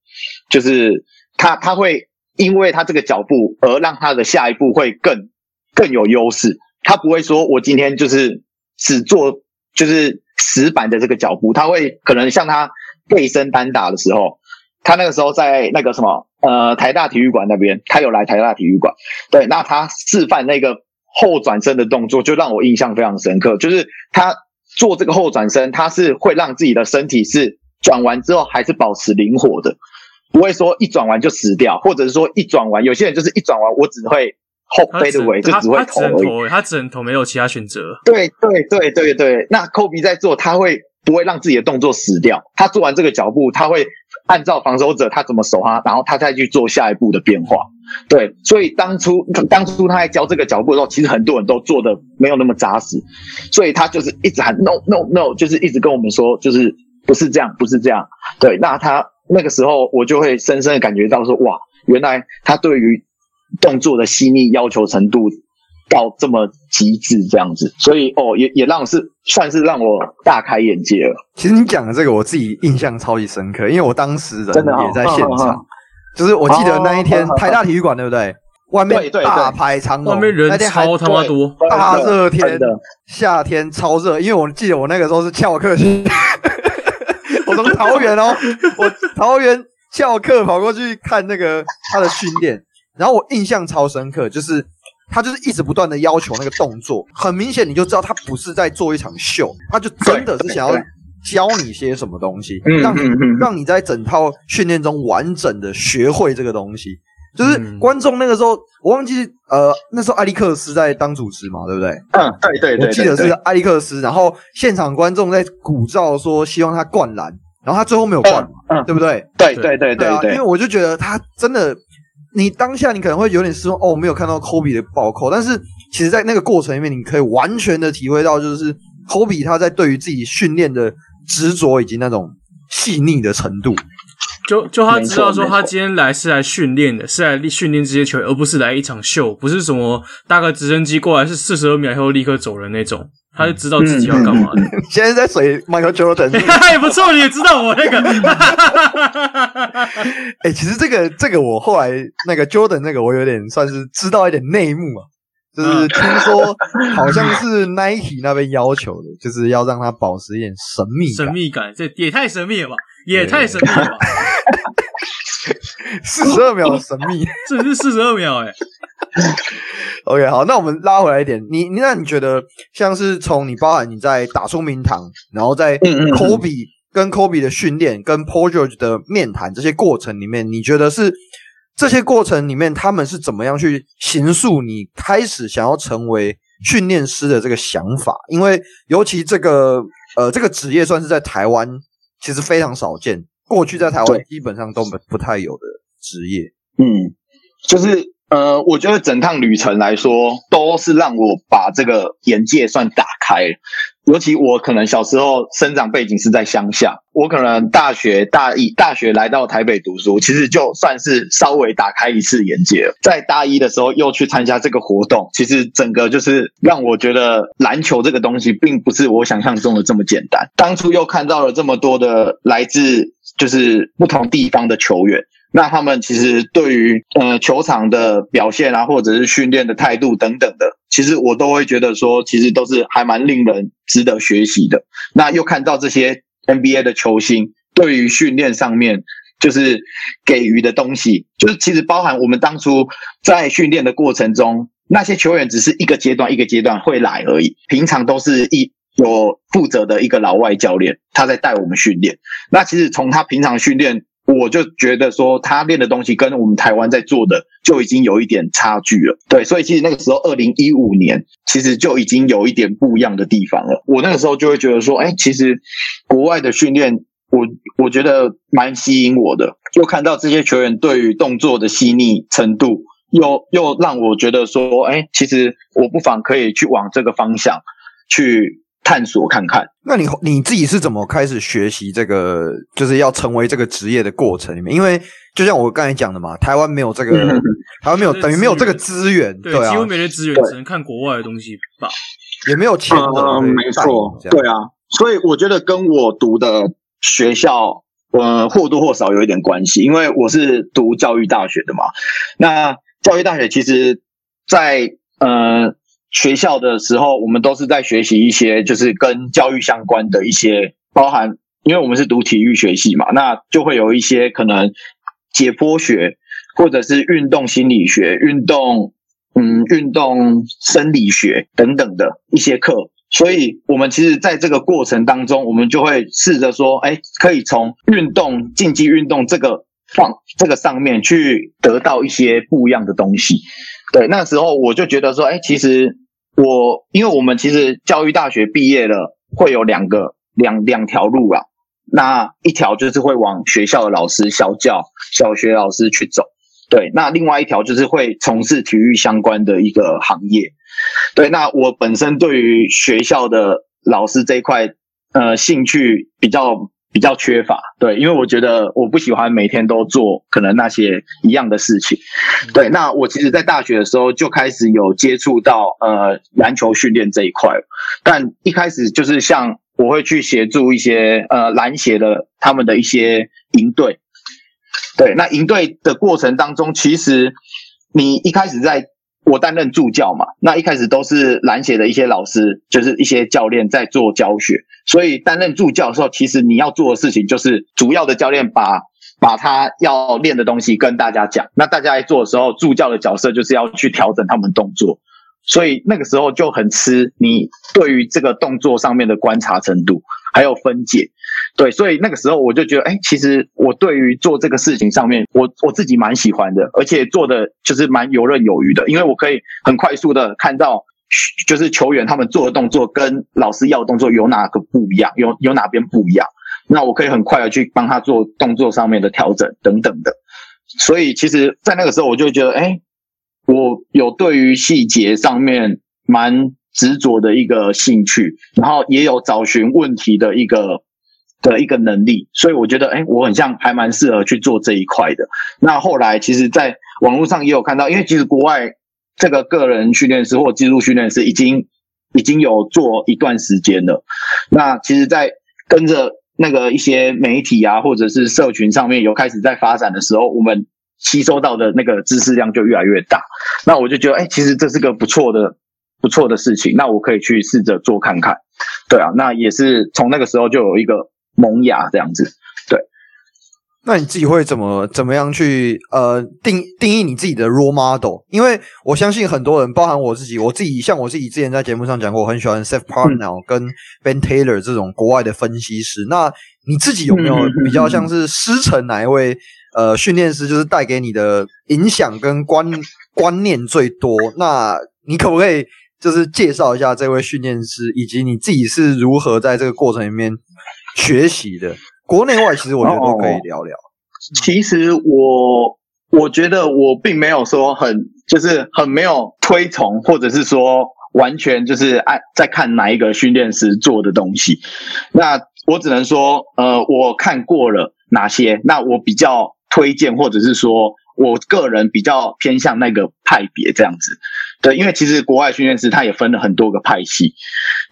就是他他會因為他這個腳步而讓他的下一步會更更有優勢。他不會說，我今天就是只做就是死板的這個腳步，他會可能像他背身單打的時候，他那個時候在那個什麼呃台大體育館那邊，他有來台大體育館，對，那他示範那個後轉身的動作，就讓我印象非常深刻。就是他做這個後轉身，他是會讓自己的身體是轉完之後還是保持靈活的，不會說一轉完就死掉，或者是說一轉完，有些人就是一轉完我只會。後背的位就只會投，他只能投，只能投，能投沒有其他選擇。對對對對對，那 Kobe 在做，他會不會讓自己的動作死掉，他做完這個腳步，他會按照防守者他怎麼守他，然後他再去做下一步的變化。對，所以當初當初他在教這個腳步的時候，其實很多人都做的沒有那麼紮實，所以他就是一直喊 no no no，就是一直跟我們說，就是不是這樣，不是這樣。對，那他那個時候我就會深深的感覺到說，哇，原來他對於。動作的細膩要求程度到這麼極致，這樣子，所以哦，也也讓是算是讓我大開眼界了。其實你講的這個，我自己印象超級深刻，因為我當時人也在現場，就是我記得那一天好好好台大體育館對不對？外面大排長龍，那天還外面人超他媽多，大熱天對對對的夏天超熱，因為我記得我那個時候是翹課， 我從桃園哦， 我桃園翹課跑過去看那個他的訓練。然後我印象超深刻，就是他就是一直不斷的要求那個動作，很明顯你就知道他不是在做一場秀，他就真的是想要教你些什麼東西，對對對讓你、嗯、哼哼讓你在整套訓練中完整的學會這個東西。就是、嗯、觀眾那個時候，我忘記呃，那時候艾利克斯在當主持嘛，對不對？嗯，對對，對，對，對，對，對。我記得是艾利克斯，然後現場觀眾在鼓噪說希望他灌籃，然後他最後沒有灌嘛、嗯、對不對？對對對對對，對，對，對、啊。因為我就覺得他真的。你當下你可能會有點失望哦，沒有看到科比的暴扣，但是其實，在那個過程裡面，你可以完全的體會到，就是科比他在對於自己訓練的執着以及那種細膩的程度。就就他知道說，他今天來是來訓練的，是來訓練這些球員，而不是來一場秀，不是什麼搭個直升機過來，是四十二秒以後立刻走人那種。他就知道自己要幹嘛的，嗯嗯。現在在水 Michael Jordan，也、欸、不錯，你也知道我那個。哎、 欸，其實這個這個我後來那個 Jordan 那個我有點算是知道一點內幕啊，就是聽說好像是 Nike 那邊要求的，就是要讓他保持一點神秘感神秘感，這也太神秘了吧，也太神秘了吧。 四十二秒的神秘， 這是四十二秒哎、欸 OK，好，那我們拉回來一點，你，那你覺得像是從你包含你在打出名堂，然後在，Kobe 跟 Kobe 的訓練，跟 Paul George 的面談這些過程裡面，你覺得是這些過程裡面他們是怎麼樣去形塑你開始想要成為訓練師的這個想法？因為尤其這個呃這個職業算是在台灣其實非常少見，過去在台灣基本上都沒，不太有的。職業，嗯，就是，呃，我覺得整趟旅程來說，都是讓我把這個眼界算打開了。尤其我可能小時候生長背景是在鄉下，我可能大學大一，大學來到台北讀書，其實就算是稍微打開一次眼界了。在大一的時候又去參加這個活動，其實整個就是讓我覺得籃球這個東西並不是我想象中的這麼簡單。當初又看到了這麼多的來自就是不同地方的球員。那他們其實對於呃球場的表現啊，或者是訓練的態度等等的，其實我都會覺得說，其實都是還蠻令人值得學習的。那又看到這些 NBA 的球星對於訓練上面就是給予的東西，就是其實包含我們當初在訓練的過程中，那些球員只是一個階段一個階段會來而已，平常都是一有負責的一個老外教練他在帶我們訓練。那其實從他平常訓練。我就覺得說，他練的東西跟我們台灣在做的就已經有一點差距了，對，所以其實那個時候，二零一五年其實就已經有一點不一樣的地方了。我那個時候就會覺得說，哎，其實國外的訓練，我我覺得蠻吸引我的，又看到這些球員對於動作的細膩程度，又又讓我覺得說，哎，其實我不妨可以去往這個方向去。探索看看，那你你自己是怎麼開始學習這個，就是要成為這個職業的過程裡面？因為就像我剛才講的嘛，台灣沒有這個，台灣沒有等於沒有這個資源，對，對啊，幾乎沒這資源，只能看國外的東西吧，也沒有錢，嗯，沒錯對，對啊，所以我覺得跟我讀的學校，呃，或多或少有一點關係，因為我是讀教育大學的嘛，那教育大學其實在，在呃。學校的時候，我們都是在學習一些就是跟教育相關的一些，包含因為我們是讀體育學系嘛，那就會有一些可能解剖學或者是運動心理學、運動嗯運動生理學等等的一些課。所以我們其實在這個過程當中，我們就會試着說，哎、欸，可以從運動競技運動這個放這個上面去得到一些不一樣的東西。對，那時候我就覺得說，哎、欸，其實。我因為我們其實教育大學畢業了，會有兩個兩兩條路啊。那一條就是會往學校的老師、小教、小學老師去走，對。那另外一條就是會從事體育相關的一個行業，對。那我本身對於學校的老師這一塊，呃，興趣比較。比較缺乏，對，因為我覺得我不喜歡每天都做可能那些一樣的事情，對。那我其實，在大學的時候就開始有接觸到呃籃球訓練這一塊，但一開始就是像我會去協助一些呃籃協的他們的一些營隊，對。那營隊的過程當中，其實你一開始在。我擔任助教嘛，那一開始都是籃協的一些老師，就是一些教練在做教學，所以擔任助教的時候，其實你要做的事情就是主要的教練把把他要練的東西跟大家講，那大家在做的時候，助教的角色就是要去調整他們動作，所以那個時候就很吃你對於這個動作上面的觀察程度，還有分解。對，所以那個時候我就覺得，哎，其實我對於做這個事情上面，我我自己蠻喜歡的，而且做的就是蠻游刃有餘的，因為我可以很快速的看到，就是球員他們做的動作跟老師要的動作有哪個不一樣，有有哪邊不一樣，那我可以很快的去幫他做動作上面的調整等等的。所以其實，在那個時候我就覺得，哎，我有對於細節上面蠻執着的一個興趣，然後也有找尋問題的一個。的一個能力，所以我覺得，誒、欸，我很像，還蠻適合去做這一塊的。那後來，其實，在網絡上也有看到，因為其實國外這個個人訓練師或技術訓練師已經已經有做一段時間了。那其實，在跟着那個一些媒體啊，或者是社群上面有開始在發展的時候，我們吸收到的那個知識量就越來越大。那我就覺得，誒、欸，其實這是個不錯的、不錯的事情。那我可以去試着做看看。對啊，那也是從那個時候就有一個。萌芽這樣子，對。那你自己會怎麼怎麼樣去呃定定義你自己的 role model？因為我相信很多人，包含我自己，我自己像我自己之前在節目上講過，我很喜歡 Seth Partnow 跟 Ben Taylor 這種國外的分析師。那你自己有沒有比較像是師承哪一位呃訓練師，就是帶給你的影響跟觀觀念最多？那你可不可以就是介紹一下這位訓練師，以及你自己是如何在這個過程裡面學習的國內外，其實我覺得都可以聊聊。哦、其實我我覺得我並沒有說很就是很沒有推崇，或者是說完全就是愛在看哪一個訓練師做的東西。那我只能說，呃，我看過了哪些，那我比較推薦，或者是說。我個人比較偏向那個派別這樣子，對，因為其實國外訓練師他也分了很多個派系。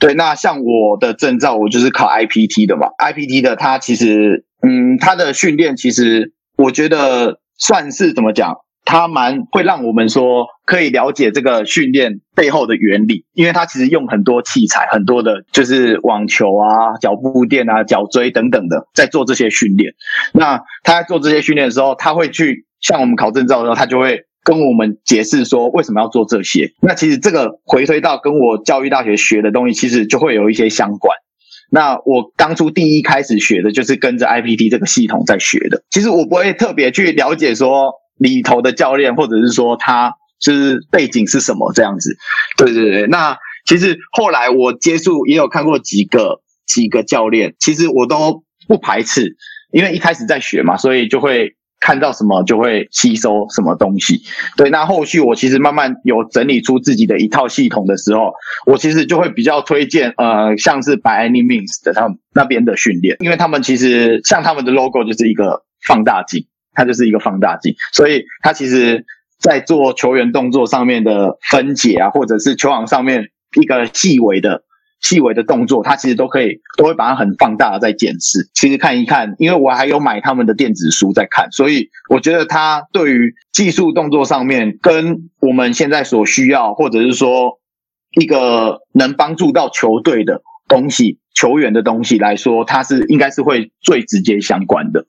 對，那像我的證照，我就是考 IPT 的嘛，IPT 的他其實，嗯，他的訓練其實我覺得算是怎麼講，他蠻會讓我們說可以了解這個訓練背後的原理，因為他其實用很多器材，很多的就是網球啊、腳步墊啊、腳椎等等的在做這些訓練，那他在做這些訓練的時候，他會去。像我們考證照的時候，他就會跟我們解釋說為什麼要做這些。那其實這個回推到跟我教育大學學的東西，其實就會有一些相關。那我當初第一開始學的就是跟着 IPT 這個系統在學的。其實我不會特別去了解說裡頭的教練或者是說他就是，是背景是什麼這樣子。對對對。那其實後來我接觸也有看過幾個幾個教練，其實我都不排斥，因為一開始在學嘛，所以就會。看到什麼就會吸收什麼東西，對。那後續我其實慢慢有整理出自己的一套系統的時候，我其實就會比較推薦，呃，像是 By Any Means 的他們那邊的訓練，因為他們其實像他們的 logo 就是一個放大鏡，它就是一個放大鏡，所以它其實在做球員動作上面的分解啊，或者是球場上面一個細微的。細微的動作，他其實都可以都會把它很放大的再檢視。其實看一看，因為我還有買他們的電子書在看，所以我覺得他對於技術動作上面跟我們現在所需要，或者是說一個能幫助到球隊的東西、球員的東西來說，他是應該是會最直接相關的。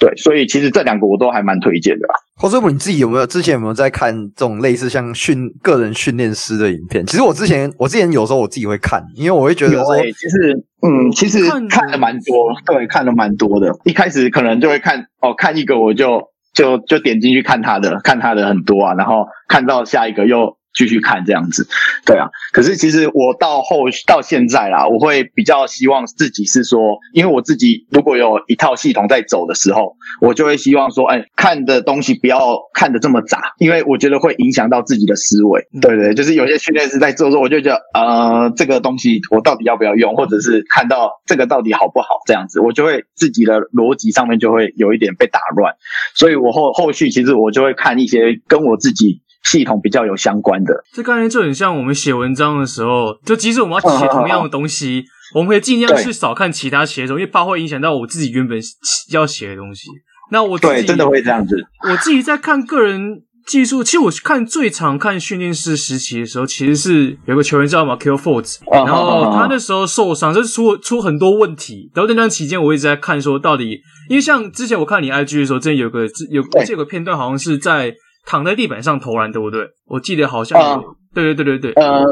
對，所以其實這兩個我都還蠻推薦的啊。或師傅，你自己有沒有之前有沒有在看這種類似像訓個人訓練師的影片？其實我之前我之前有時候我自己會看，因為我會覺得說，其實嗯，嗯，其實看的蠻多，對，看的蠻多的。一開始可能就會看哦，看一個我就就就點進去看他的，看他的很多啊，然後看到下一個又。繼續看這樣子，對啊。可是其實我到後到現在啦，我會比較希望自己是說，因為我自己如果有一套系統在走的時候，我就會希望說，哎，看的東西不要看得這麼雜，因為我覺得會影響到自己的思維。對對，就是有些訓練師在做的時候，我就覺得，呃，這個東西我到底要不要用，或者是看到這個到底好不好這樣子，我就會自己的邏輯上面就會有一點被打亂。所以我後後續其實我就會看一些跟我自己。系統比較有相關的，這概念就很像我們寫文章的時候，就即使我們要寫同樣的東西，哦、好好我們可以儘量去少看其他寫手，因為怕會影響到我自己原本要寫的東西。那我自己對真的會這樣子。我自己在看個人技術，其實我看最常看訓練師時期的時候，其實是有一個球員叫 Markelle Fultz 然後他那時候受傷，就、哦、出出很多問題。然後那段期間，我一直在看說到底，因為像之前我看你 IG 的時候，真的有個有這個片段，好像是在。躺在地板上投籃，對不對？我記得好像、uh, 對對對對對，呃，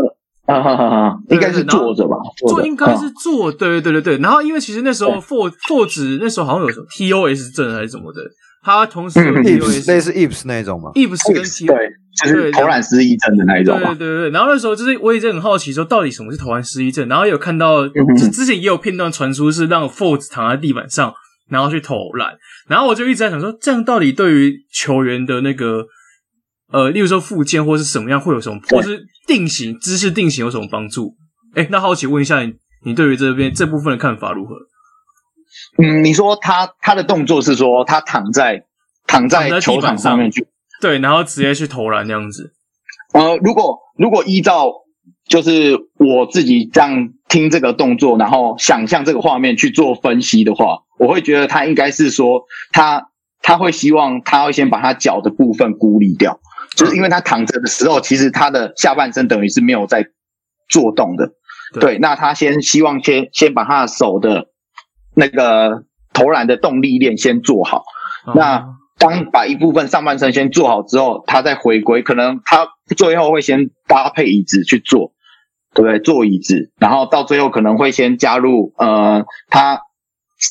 哈哈哈，應該是坐着吧？坐應該是坐，對對對對對,對。然後因為其實那時候 f o r f、uh. o r 子那時候好像有什麼 TOS 症還是怎麼的，他同時有 TOS，, 嗯、TOS 那是 i p s 那種嗎 i p s 跟 TOS 對,對，就是投籃失憶症的那一種對對對。然後那時候就是我一直很好奇說，到底什麼是投籃失憶症？然後有看到之前也有片段傳出是讓 f o r 子躺在地板上，然後去投籃，然後我就一直在想說，這樣到底對於球員的那個。呃，例如說復健或是什麼樣，會有什麼，或是定型姿勢定型有什麼幫助？哎，那好奇問一下你，你對於這邊這部分的看法如何？嗯，你說他他的動作是說他躺在躺在球場上面去上，對，然後直接去投籃那樣子。呃、嗯，如果如果依照就是我自己這樣聽這個動作，然後想象這個畫面去做分析的話，我會覺得他應該是說他他會希望他要先把他腳的部分孤立掉。就是因為他躺着的時候，其實他的下半身等於是沒有在做動的。對，那他先希望先先把他的手的那個投籃的動力鏈先做好。那當把一部分上半身先做好之後，他再回歸，可能他最後會先搭配椅子去坐，對不對？坐椅子，然後到最後可能會先加入呃，他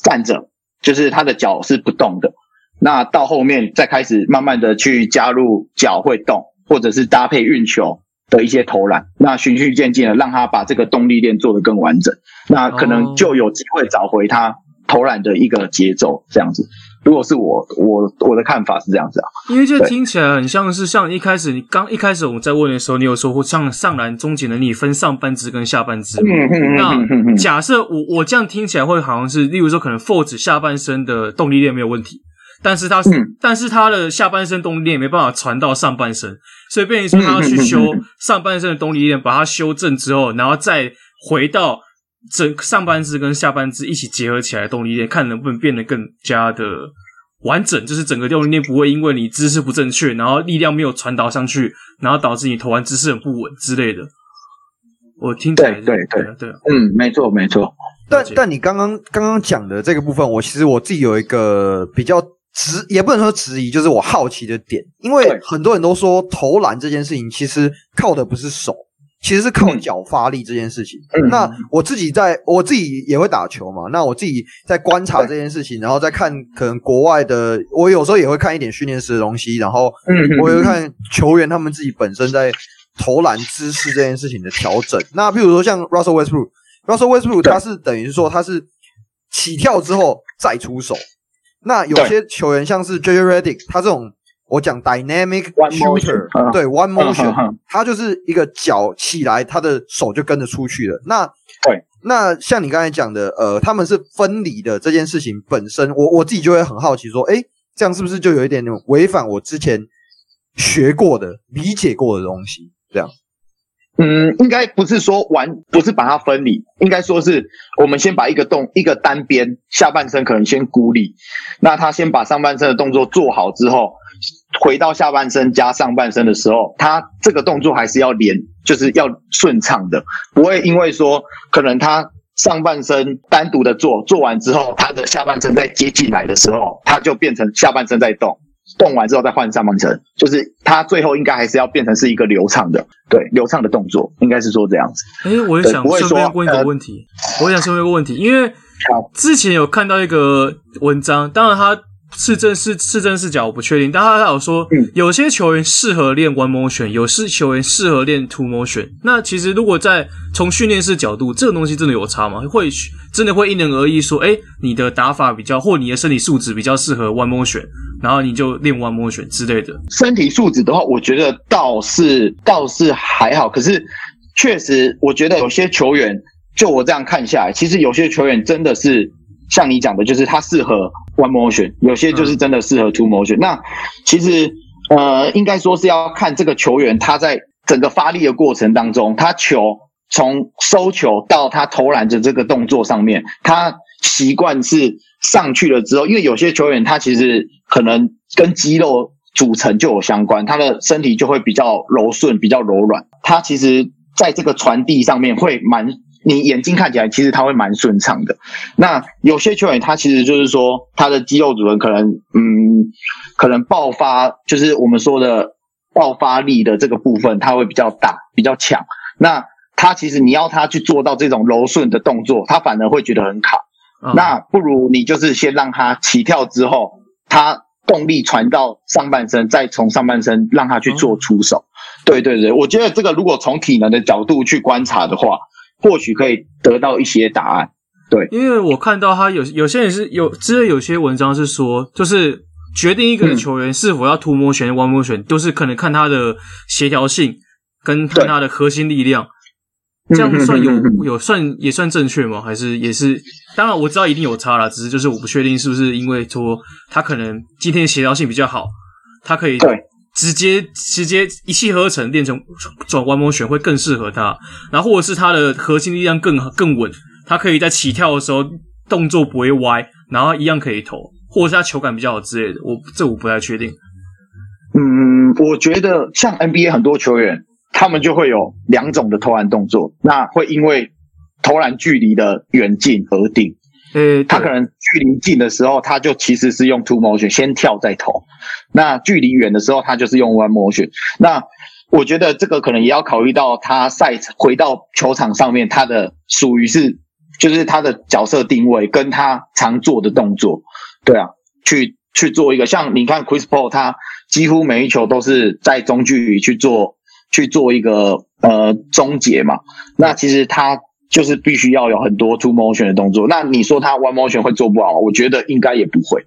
站着，就是他的腳是不動的。那到後面再開始慢慢的去加入腳會動，或者是搭配運球的一些投籃，那循序漸進的讓他把這個動力鏈做得更完整，那可能就有機會找回他投籃的一個節奏這樣子。如果是我，我我的看法是這樣子啊，因為這聽起來很像是像一開始你剛一開始我們在問的時候，你有說像上籃終結能力分上半支跟下半支嘛？ 那假設我我這樣聽起來會好像是，例如說可能 force 下半身的動力鏈沒有問題。但是他是、嗯，但是他的下半身動力鏈沒辦法傳到上半身，所以變成說他要去修上半身的動力鏈，嗯嗯嗯嗯，把它修正之後，然後再回到整上半身跟下半身一起結合起來的動力鏈，看能不能變得更加的完整，就是整個動力鏈不會因為你姿勢不正確，然後力量沒有傳導上去，然後導致你投籃姿勢很不穩之類的。我聽起來對對對對，對啊對啊，嗯，沒錯沒錯。但但你剛剛剛剛講的這個部分，我其實我自己有一個比較。直，也不能說質疑，就是我好奇的點，因為很多人都說投籃這件事情其實靠的不是手，其實是靠腳發力這件事情。那我自己在，我自己也會打球嘛，那我自己在觀察這件事情，然後再看可能國外的，我有時候也會看一點訓練師的東西，然後我也會看球員他們自己本身在投籃姿勢這件事情的調整。那譬如說像 Russell Westbrook，Russell Westbrook 他是等於說他是起跳之後再出手。那有些球員像是 J.J. Redick，他這種我講 dynamic shooter，對 one motion，,、uh, 對 one motion uh, uh, uh, uh, uh. 他就是一個腳起來，他的手就跟着出去了。那對，那像你剛才講的，呃，他們是分離的這件事情本身，我我自己就會很好奇說，誒、欸，這樣是不是就有一點違反我之前學過的、理解過的東西？這樣。嗯，應該不是說完，不是把它分離，應該說是我們先把一個動一個單邊下半身可能先孤立，那他先把上半身的動作做好之後，回到下半身加上半身的時候，他這個動作還是要連，就是要順暢的，不會因為說可能他上半身單獨的做做完之後，他的下半身再接進來的時候，他就變成下半身在動。動完之後再換上半身，就是，他最後應該還是要變成是一個流暢的，對，流暢的動作，應該是說這樣子。哎、欸，我也想順便問一個問題，呃、我也想說問，問、呃、問一個問題，因為之前有看到一個文章，當然他，是真是是真是假？我不確定。但他還有說、嗯，有些球員適合練 one motion，有些球員適合練 two motion，那其實如果在從訓練師角度，這個東西真的有差嗎？會真的會因人而異，說、欸、哎，你的打法比較，或你的身體素質比較適合 one motion。然後你就練 one motion 之類的。身體素質的話，我覺得倒是倒是還好。可是確實，我覺得有些球員，就我這樣看下來，其實有些球員真的是。像你講的，就是他適合 one motion，有些就是真的適合 two motion。嗯。那其實，呃，應該說是要看這個球員他在整個發力的過程當中，他球從收球到他投籃的這個動作上面，他習慣是上去了之後，因為有些球員他其實可能跟肌肉組成就有相關，他的身體就會比較柔順、比較柔軟，他其實在這個傳遞上面會蠻你眼睛看起來，其實他會蠻順暢的。那有些球員，他其實就是說，他的肌肉組織可能，嗯，可能爆發，就是我們說的爆發力的這個部分，他會比較大、比較強。那他其實你要他去做到這種柔順的動作，他反而會覺得很卡、嗯。那不如你就是先讓他起跳之後，他動力傳到上半身，再從上半身讓他去做出手、嗯。對對對，我覺得這個如果從體能的角度去觀察的話。或許可以得到一些答案，對，因為我看到他有有些人是有，之前有些文章是說，就是決定一個球員是否要 two motion、one motion，就是可能看他的協調性跟看他的核心力量，這樣算有有算也算正確嗎？還是也是？當然我知道一定有差啦，只是就是我不確定是不是因為說他可能今天協調性比較好，他可以。對。直接直接一氣呵成變成轉彎摸旋會更適合他，然後或者是他的核心力量更更穩，他可以在起跳的時候動作不會歪，然後一樣可以投，或者是他球感比較好之類的。我這我不太確定。嗯，我覺得像 NBA 很多球員，他們就會有兩種的投籃動作，那會因為投籃距離的遠近而定。嗯，他可能距離近的時候，他就其實是用 two motion，先跳再投。那距離遠的時候，他就是用 one motion。那我覺得這個可能也要考慮到他賽回到球場上面，他的屬於是就是他的角色定位跟他常做的動作，對啊，去去做一個像你看 Chris Paul，他幾乎每一球都是在中距離去做去做一個呃終結嘛。那其實他。就是必須要有很多 two motion 的動作，那你說他 one motion 會做不好？我覺得應該也不會，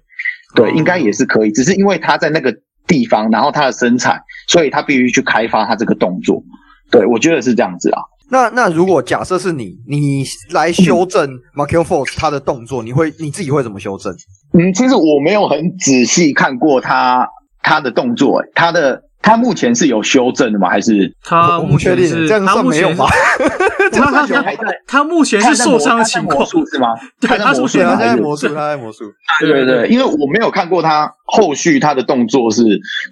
對，嗯、應該也是可以，只是因為他在那個地方，然後他的身材，所以他必須去開發他這個動作。對，我覺得是這樣子啊。那那如果假設是你，你來修正 Markelle Fultz 他的動作，嗯、你會你自己會怎麼修正？嗯，其實我沒有很仔細看過他他的動作、欸，他的。他目前是有修正的嗎？還是他目前是？我不確定他目前沒有嗎？他目前還在。他目前是受傷的他在魔術是嗎？他在魔術，他在魔術，他在魔術。對對對，因為我沒有看過他後續他的動作是，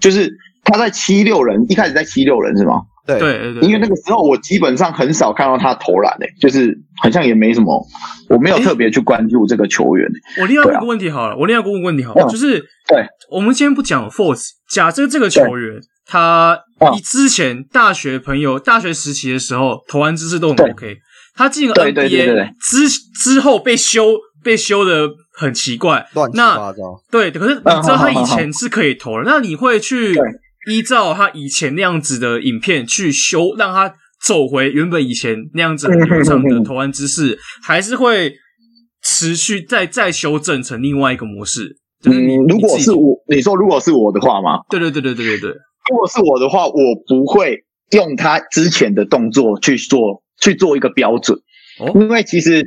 就是他在七六人，一開始在七六人是嗎？對，對對對，對，因為那個時候我基本上很少看到他投籃的、欸、就是好像也沒什麼，我沒有特別去關注這個球員、欸欸啊。我另外一個問題好了，我另外一個問問題好了，嗯、就是我們先不講 force。假設這個球員他之前大學朋友，大學時期的時候投籃姿勢都很 OK，對他進 NBA 之，對對對對，之後被修被修的很奇怪，亂七八糟，那，對，可是你知道他以前是可以投的，嗯，那你會去依照他以前那樣子的影片，去修，讓他走回原本以前那樣子上的投籃姿勢， 還是會持續再再修正成另外一個模式。就是、嗯，如果是我，你說如果是我的話嗎？對對對對對對，對，對如果是我的話，我不會用他之前的動作去做去做一個標準、哦，因為其實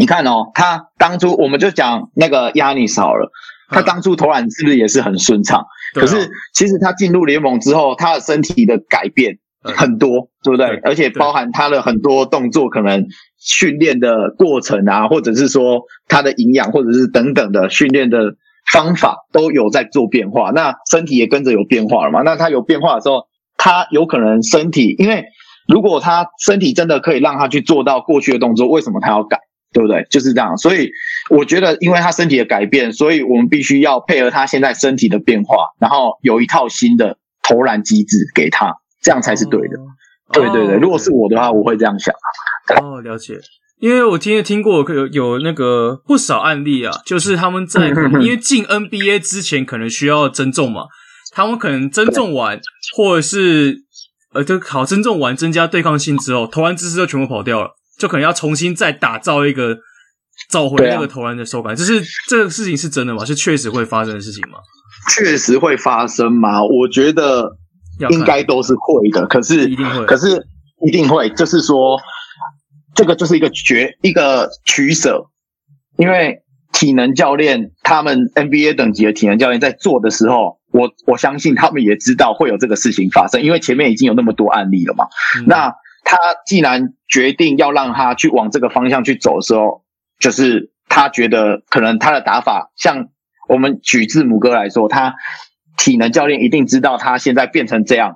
你看哦，他當初我們就講那個亞尼斯好了。他當初投籃是不是也是很順暢，嗯？可是其實他進入聯盟之後，他的身體的改變很多，嗯、對不對？對對對對，而且包含他的很多動作，可能訓練的過程啊，或者是說他的營養，或者是等等的訓練的方法都有在做變化。那身體也跟着有變化了嘛？那他有變化的時候，他有可能身體，因為如果他身體真的可以讓他去做到過去的動作，為什麼他要改？對不對？就是這樣，所以我覺得，因為他身體的改變，所以我們必須要配合他現在身體的變化，然後有一套新的投籃機制給他，這樣才是對的。哦、對對對、哦，如果是我的話，哦、我會這樣想。哦，了解。因為我聽聽過有有那個不少案例啊，就是他們在、嗯、哼哼因為進 NBA 之前可能需要增重嘛，他們可能增重完，或者是呃，就好增重完增加對抗性之後，投籃姿勢就全部跑掉了。就可能要重新再打造一個，找回那個投籃的手感，就、啊、是這個事情是真的嗎？是確實會發生的事情嗎？確實會發生嗎？我覺得應該都是會的，可是一定會，可是一定會，就是說，這個就是一個決一個取舍，因為體能教練他們 NBA 等級的體能教練在做的時候，我我相信他們也知道會有這個事情發生，因為前面已經有那麼多案例了嘛。嗯、那他既然決定要讓他去往這個方向去走的時候，就是他覺得可能他的打法，像我們舉字母哥來說，他體能教練一定知道他現在變成這樣，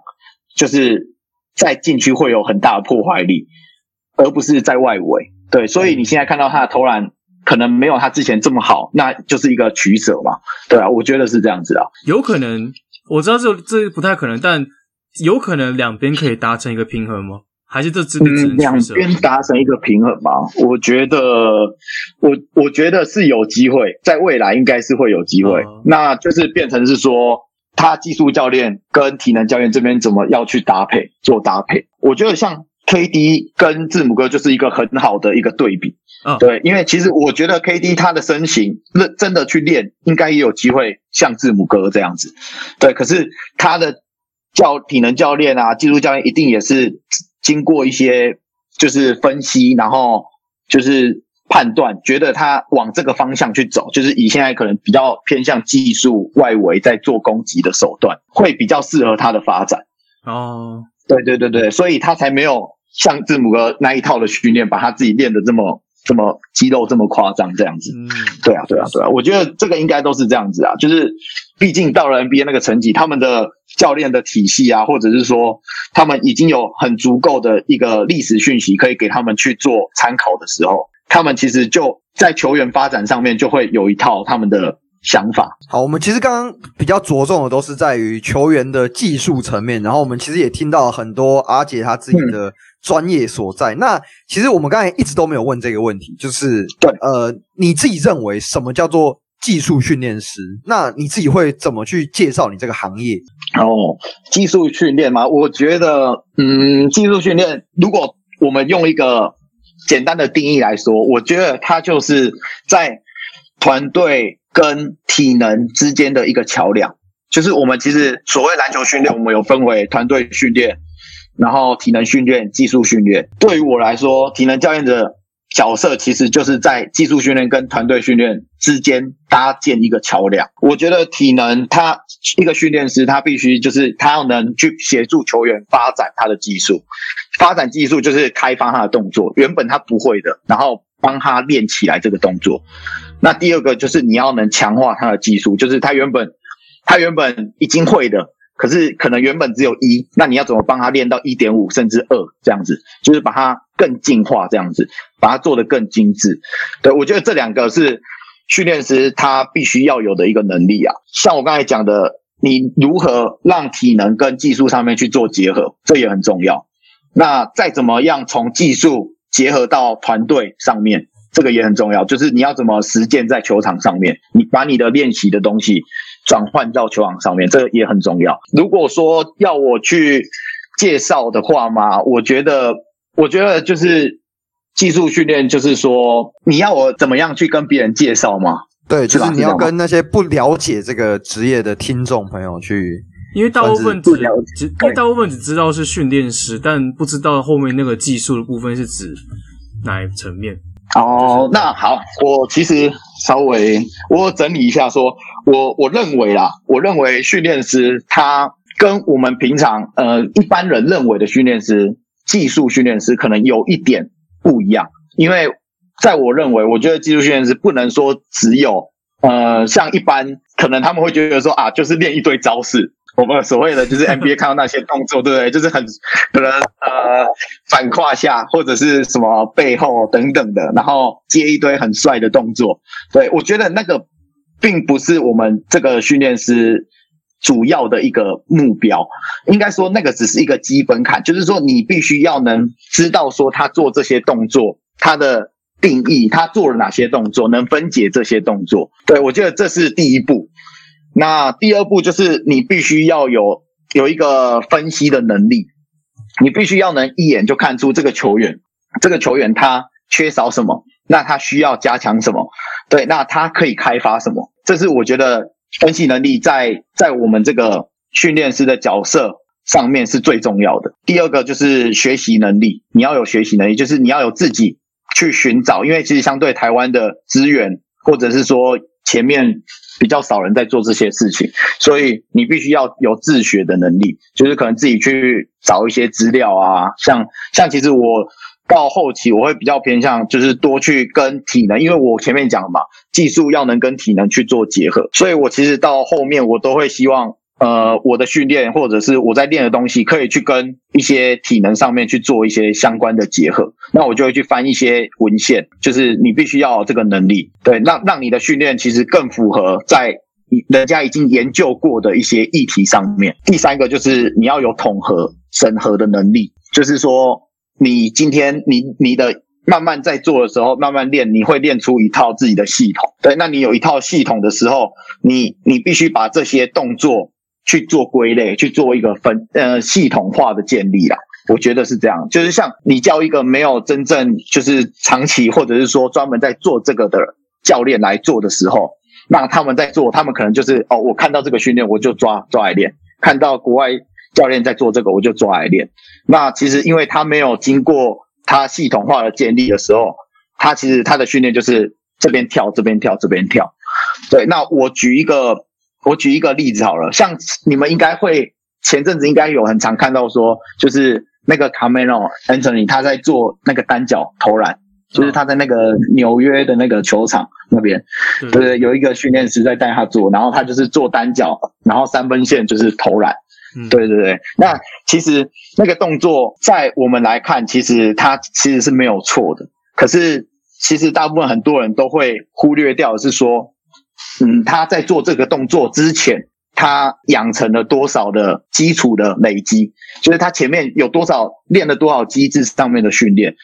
就是在禁區會有很大的破壞力，而不是在外圍。對，所以你現在看到他的投籃可能沒有他之前這麼好，那就是一個取舍嘛。對啊，我覺得是這樣子的，有可能，我知道這這不太可能，但有可能兩邊可以達成一個平衡嗎？還是這只，嗯，兩邊達成一個平衡吧。我覺得，我我覺得是有機會，在未來應該是會有機會、哦。那就是變成是說，他技術教練跟體能教練這邊怎麼要去搭配，做搭配。我覺得像 KD 跟字母哥就是一個很好的一個對比、哦，對，因為其實我覺得 KD 他的身形，那真的去練，應該也有機會像字母哥這樣子。對，可是他的教體能教練啊，技術教練一定也是。經過一些就是分析，然後就是判斷，覺得他往這個方向去走，就是以現在可能比較偏向技術外圍，在做攻擊的手段，會比較適合他的發展。哦，對對對對，所以他才沒有像字母哥那一套的訓練，把他自己練得這麼。這麼肌肉這麼誇張這樣子，嗯，對啊對啊對啊，對啊，我覺得這個應該都是這樣子啊，就是畢竟到了 NBA 那個層級，他們的教練的體系啊，或者是說他們已經有很足夠的一個歷史訊息可以給他們去做參考的時候，他們其實就在球員發展上面就會有一套他們的想法。好，我們其實剛剛比較着重的都是在於球員的技術層面，然後我們其實也聽到了很多阿傑他自己的、嗯。專業所在。那其實我們剛才一直都沒有問這個問題，就是對，呃，你自己認為什麼叫做技術訓練師？那你自己會怎麼去介紹你這個行業？哦，技術訓練嗎？我覺得，嗯，技術訓練，如果我們用一個簡單的定義來說，我覺得它就是在團隊跟體能之間的一個橋梁。就是我們其實所謂籃球訓練，我們有分為團隊訓練。然後體能訓練、技術訓練，對於我來說，體能教練的角色其實就是在技術訓練跟團隊訓練之間搭建一個橋梁。我覺得體能，他一個訓練師，他必須就是他要能去協助球員發展他的技術，發展技術就是開發他的動作，原本他不會的，然後幫他練起來這個動作。那第二個就是你要能強化他的技術，就是他原本他原本已經會的。可是可能原本只有一，那你要怎麼幫他練到一點五甚至二這樣子？就是把它更進化這樣子，把它做得更精緻。對，我覺得這兩個是訓練師他必須要有的一個能力啊。像我剛才講的，你如何讓體能跟技術上面去做結合，這也很重要。那再怎麼樣從技術結合到團隊上面，這個也很重要。就是你要怎麼實踐在球場上面，你把你的練習的東西。轉換到球場上面，這個也很重要。如果說要我去介紹的話嘛，我覺得，我覺得就是技術訓練，就是說你要我怎麼樣去跟別人介紹嘛？對，就是你要跟那些不了解這個職業的聽眾朋友去，因為大部分只，只因為大部分只知道是訓練師，但不知道後面那個技術的部分是指哪一層面。哦，那好，我其實稍微我整理一下，說我我認為啦，我認為訓練師他跟我們平常呃一般人認為的訓練師技術訓練師可能有一點不一樣，因為在我認為，我覺得技術訓練師不能說只有呃像一般可能他們會覺得說啊，就是練一堆招式。我們所謂的就是 NBA 看到那些動作，對 不對？就是很可能呃反胯下或者是什麼背後等等的，然後接一堆很帥的動作。對，我覺得那個並不是我們這個訓練師主要的一個目標，應該說那個只是一個基本款，就是說你必須要能知道說他做這些動作，他的定義，他做了哪些動作，能分解這些動作。對，我覺得這是第一步。那第二步就是你必須要有有一個分析的能力，你必須要能一眼就看出這個球員，這個球員他缺少什麼，那他需要加強什麼，對，那他可以開發什麼，這是我覺得分析能力在在我們這個訓練師的角色上面是最重要的。第二個就是學習能力，你要有學習能力，就是你要有自己去尋找，因為其實相對台灣的資源，或者是說前面。比較少人在做這些事情，所以你必須要有自學的能力，就是可能自己去找一些資料啊，像像其實我到後期我會比較偏向，就是多去跟體能，因為我前面講了嘛，技術要能跟體能去做結合，所以我其實到後面我都會希望。呃，我的訓練或者是我在練的東西，可以去跟一些體能上面去做一些相關的結合，那我就會去翻一些文獻，就是你必須要有這個能力，對，讓讓你的訓練其實更符合在人家已經研究過的一些議題上面。第三個就是你要有統合審核的能力，就是說你今天你你的慢慢在做的時候，慢慢練，你會練出一套自己的系統，對，那你有一套系統的時候，你你必須把這些動作。去做歸類，去做一個分呃系統化的建立啦。我覺得是這樣，就是像你教一個沒有真正就是長期或者是說專門在做這個的教練來做的時候，那他們在做，他們可能就是哦，我看到這個訓練我就抓抓來練，看到國外教練在做這個我就抓來練。那其實因為他沒有經過他系統化的建立的時候，他其實他的訓練就是這邊跳這邊跳這邊跳。對，那我舉一個。我舉一個例子好了，像你們應該會前陣子應該有很常看到說，就是那個 Carmelo Anthony 他在做那個單腳投籃，哦，就是他在那個紐約的那個球場那邊，對、就是、有一個訓練師在帶他做，然後他就是做單腳，然後三分線就是投籃，嗯，對對對。那其實那個動作在我們來看，其實他其實是沒有錯的，可是其實大部分很多人都會忽略掉的是說。嗯，他在做這個動作之前，他養成了多少的基礎的累積，就是他前面有多少練了多少機制上面的訓練，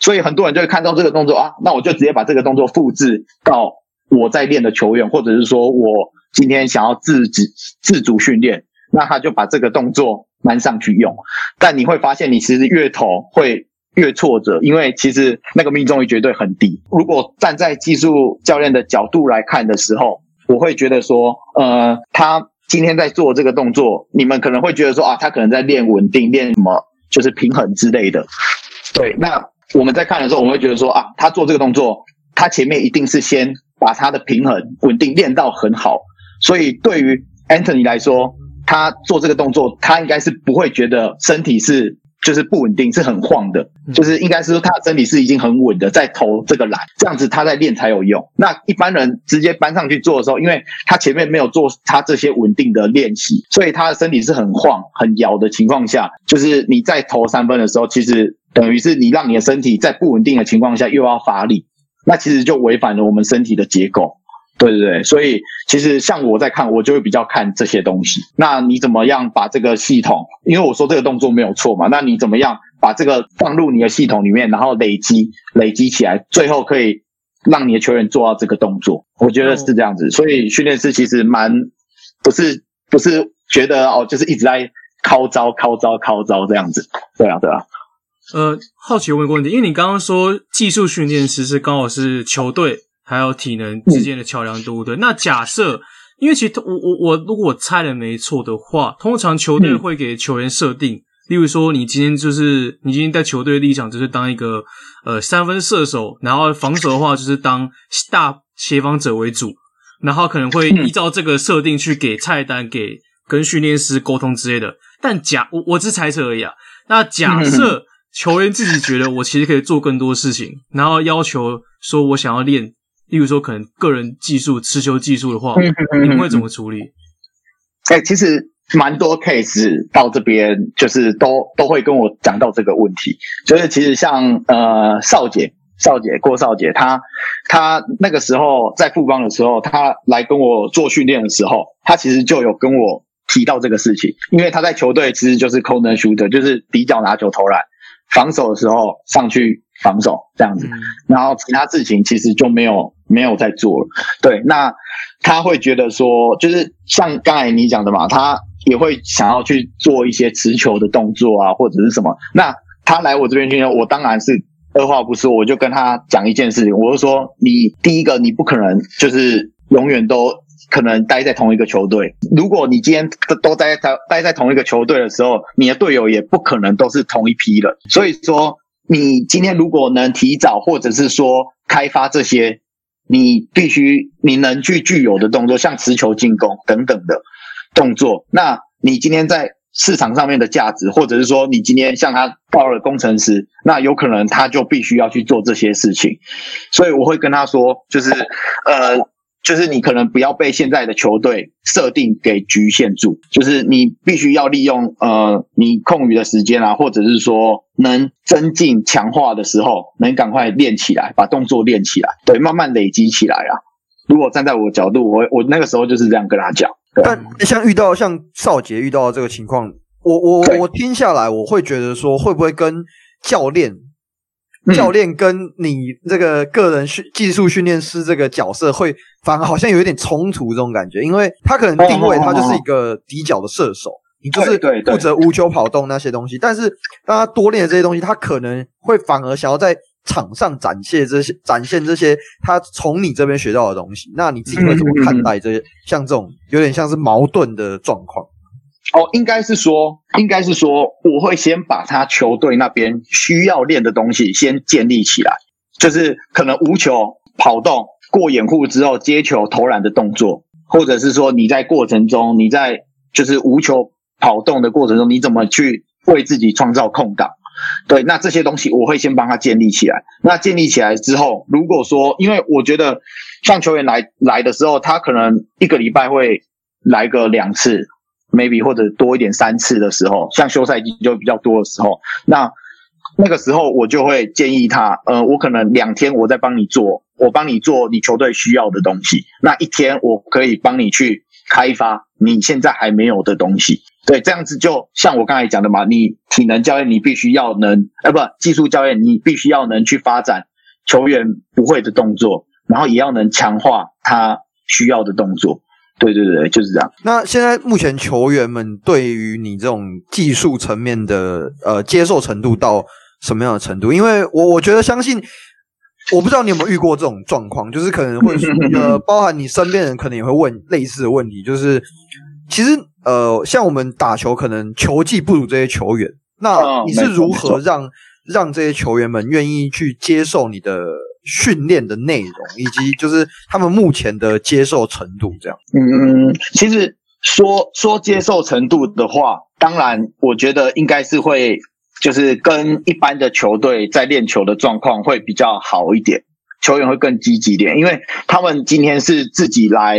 所以很多人就會看到這個動作啊，那我就直接把這個動作複製到我在練的球員，或者是說我今天想要自己自主訓練，那他就把這個動作搬上去用，但你會發現你其實越投會。越挫折，因為其實那個命中率絕對很低。如果站在技術教練的角度來看的時候，我會覺得說，呃，他今天在做這個動作，你們可能會覺得說啊，他可能在練穩定、練什麼，就是平衡之類的。對，那我們在看的時候，我們會覺得說啊，他做這個動作，他前面一定是先把他的平衡、穩定練到很好。所以對於 Anthony 來說，他做這個動作，他應該是不會覺得身體是。就是不穩定，是很晃的。就是應該是說，他的身體是已經很穩的，在投這個籃，這樣子他在練才有用。那一般人直接搬上去做的時候，因為他前面沒有做他這些穩定的練習，所以他的身體是很晃、很搖的情況下，就是你在投三分的時候，其實等於是你讓你的身體在不穩定的情況下又要發力，那其實就違反了我們身體的結構。對對對，所以其實像我在看，我就會比較看這些東西。那你怎麼樣把這個系統？因為我說這個動作沒有錯嘛，那你怎麼樣把這個放入你的系統裡面，然後累積累積起來，最後可以讓你的球員做到這個動作？我覺得是這樣子。所以訓練師其實蠻不是不是覺得哦，就是一直在考招考招考招這樣子。對啊對啊。呃，好奇問一個問題，因為你剛剛說技術訓練師是剛好是球隊還有體能之間的橋樑，對不對？那假設，因為其實我我我，我如果我猜的沒錯的話，通常球隊會給球員設定，嗯，例如說，你今天就是你今天在球隊的立場就是當一個呃三分射手，然後防守的話就是當大協防者為主，然後可能會依照這個設定去給菜單，給跟訓練師溝通之類的。但假我我只猜測而已啊。那假設，嗯、球員自己覺得我其實可以做更多事情，然後要求說我想要練。例如說，可能個人技術、持球技術的話、嗯哼哼，你會怎麼處理？哎、欸，其實蠻多 case 到這邊，就是都都會跟我講到這個問題。就是其實像呃，少傑、少傑、郭少傑，他他那個時候在富邦的時候，他來跟我做訓練的時候，他其實就有跟我提到這個事情，因為他在球隊其實就是 corner shooter，就是底角拿球投籃，防守的時候上去防守這樣子、嗯，然後其他事情其實就沒有。沒有在做了，對，那他會覺得說，就是像剛才你講的嘛，他也會想要去做一些持球的動作啊，或者是什麼。那他來我這邊訓練，我當然是二話不說，我就跟他講一件事情，我就說你，你第一個，你不可能就是永遠都可能待在同一個球隊。如果你今天都待在待在同一個球隊的時候，你的隊友也不可能都是同一批的。所以說，你今天如果能提早或者是說開發這些。你必須你能去具、具有的動作，像持球進攻等等的動作。那你今天在市場上面的價值，或者是說你今天向他報了工程師，那有可能他就必須要去做這些事情。所以我會跟他說，就是呃。就是你可能不要被現在的球隊設定給局限住，就是你必須要利用呃，你空餘的時間啊，或者是說能增進強化的時候，能趕快練起來，把動作練起來，對，慢慢累積起來啊。如果站在我的角度，我我那個時候就是這樣跟他講。但像遇到像少杰遇到的這個情況，我我我聽下來，我會覺得說會不會跟教練？教練跟你這個個人訓技術訓練師這個角色會反而好像有一點衝突這種感覺，因為他可能定位他就是一個底角的射手，哦哦哦你就是負責無球跑動那些東西。對對對但是，當他多練這些東西，他可能會反而想要在場上展現這些、展現這些他從你這邊學到的東西。那你自己會怎麼看待這些嗯嗯？像這種有點像是矛盾的狀況。哦，應該是說，應該是說，我會先把他球隊那邊需要練的東西先建立起來，就是可能無球跑動、過掩護之後接球投籃的動作，或者是說你在過程中，你在就是無球跑動的過程中，你怎麼去為自己創造空檔？對，那這些東西我會先幫他建立起來。那建立起來之後，如果說，因為我覺得像球員來來的時候，他可能一個禮拜會來個兩次。maybe 或者多一點三次的時候，像休賽季就比較多的時候，那那個時候我就會建議他，呃，我可能兩天我再幫你做，我幫你做你球隊需要的東西，那一天我可以幫你去開發你現在還沒有的東西。對，這樣子就像我剛才講的嘛，你體能教練你必須要能，啊，不，技術教練你必須要能去發展球員不會的動作，然後也要能強化他需要的動作。對對對，就是這樣。那現在目前球員們對於你這種技術層面的呃接受程度到什麼樣的程度？因為我我覺得相信，我不知道你有沒有遇過這種狀況，就是可能會 呃，包含你身邊人可能也會問類似的問題，就是其實呃，像我們打球可能球技不如這些球員，那你是如何讓、哦，沒錯、讓這些球員們願意去接受你的？訓練的內容以及就是他們目前的接受程度，這樣。嗯嗯，其實說說接受程度的話，當然我覺得應該是會，就是跟一般的球隊在練球的狀況會比較好一點，球員會更積極一點，因為他們今天是自己來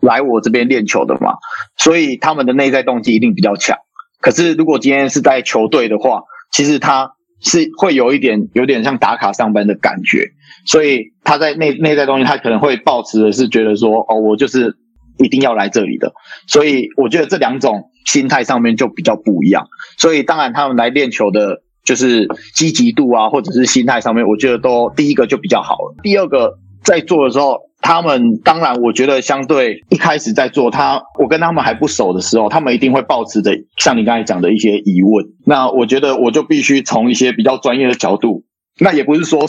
來我這邊練球的嘛，所以他們的內在動機一定比較強。可是如果今天是在球隊的話，其實他。是會有一點有點像打卡上班的感覺，所以他在內內在東西，他可能會抱持的是覺得說，哦，我就是一定要來這裡的，所以我覺得這兩種心態上面就比較不一樣。所以當然他們來練球的就是積極度啊，或者是心態上面，我覺得都第一個就比較好了，第二個在做的時候。他們當然，我覺得相對一開始在做他，我跟他們還不熟的時候，他們一定會抱持着像你剛才講的一些疑問。那我覺得我就必須從一些比較專業的角度，那也不是說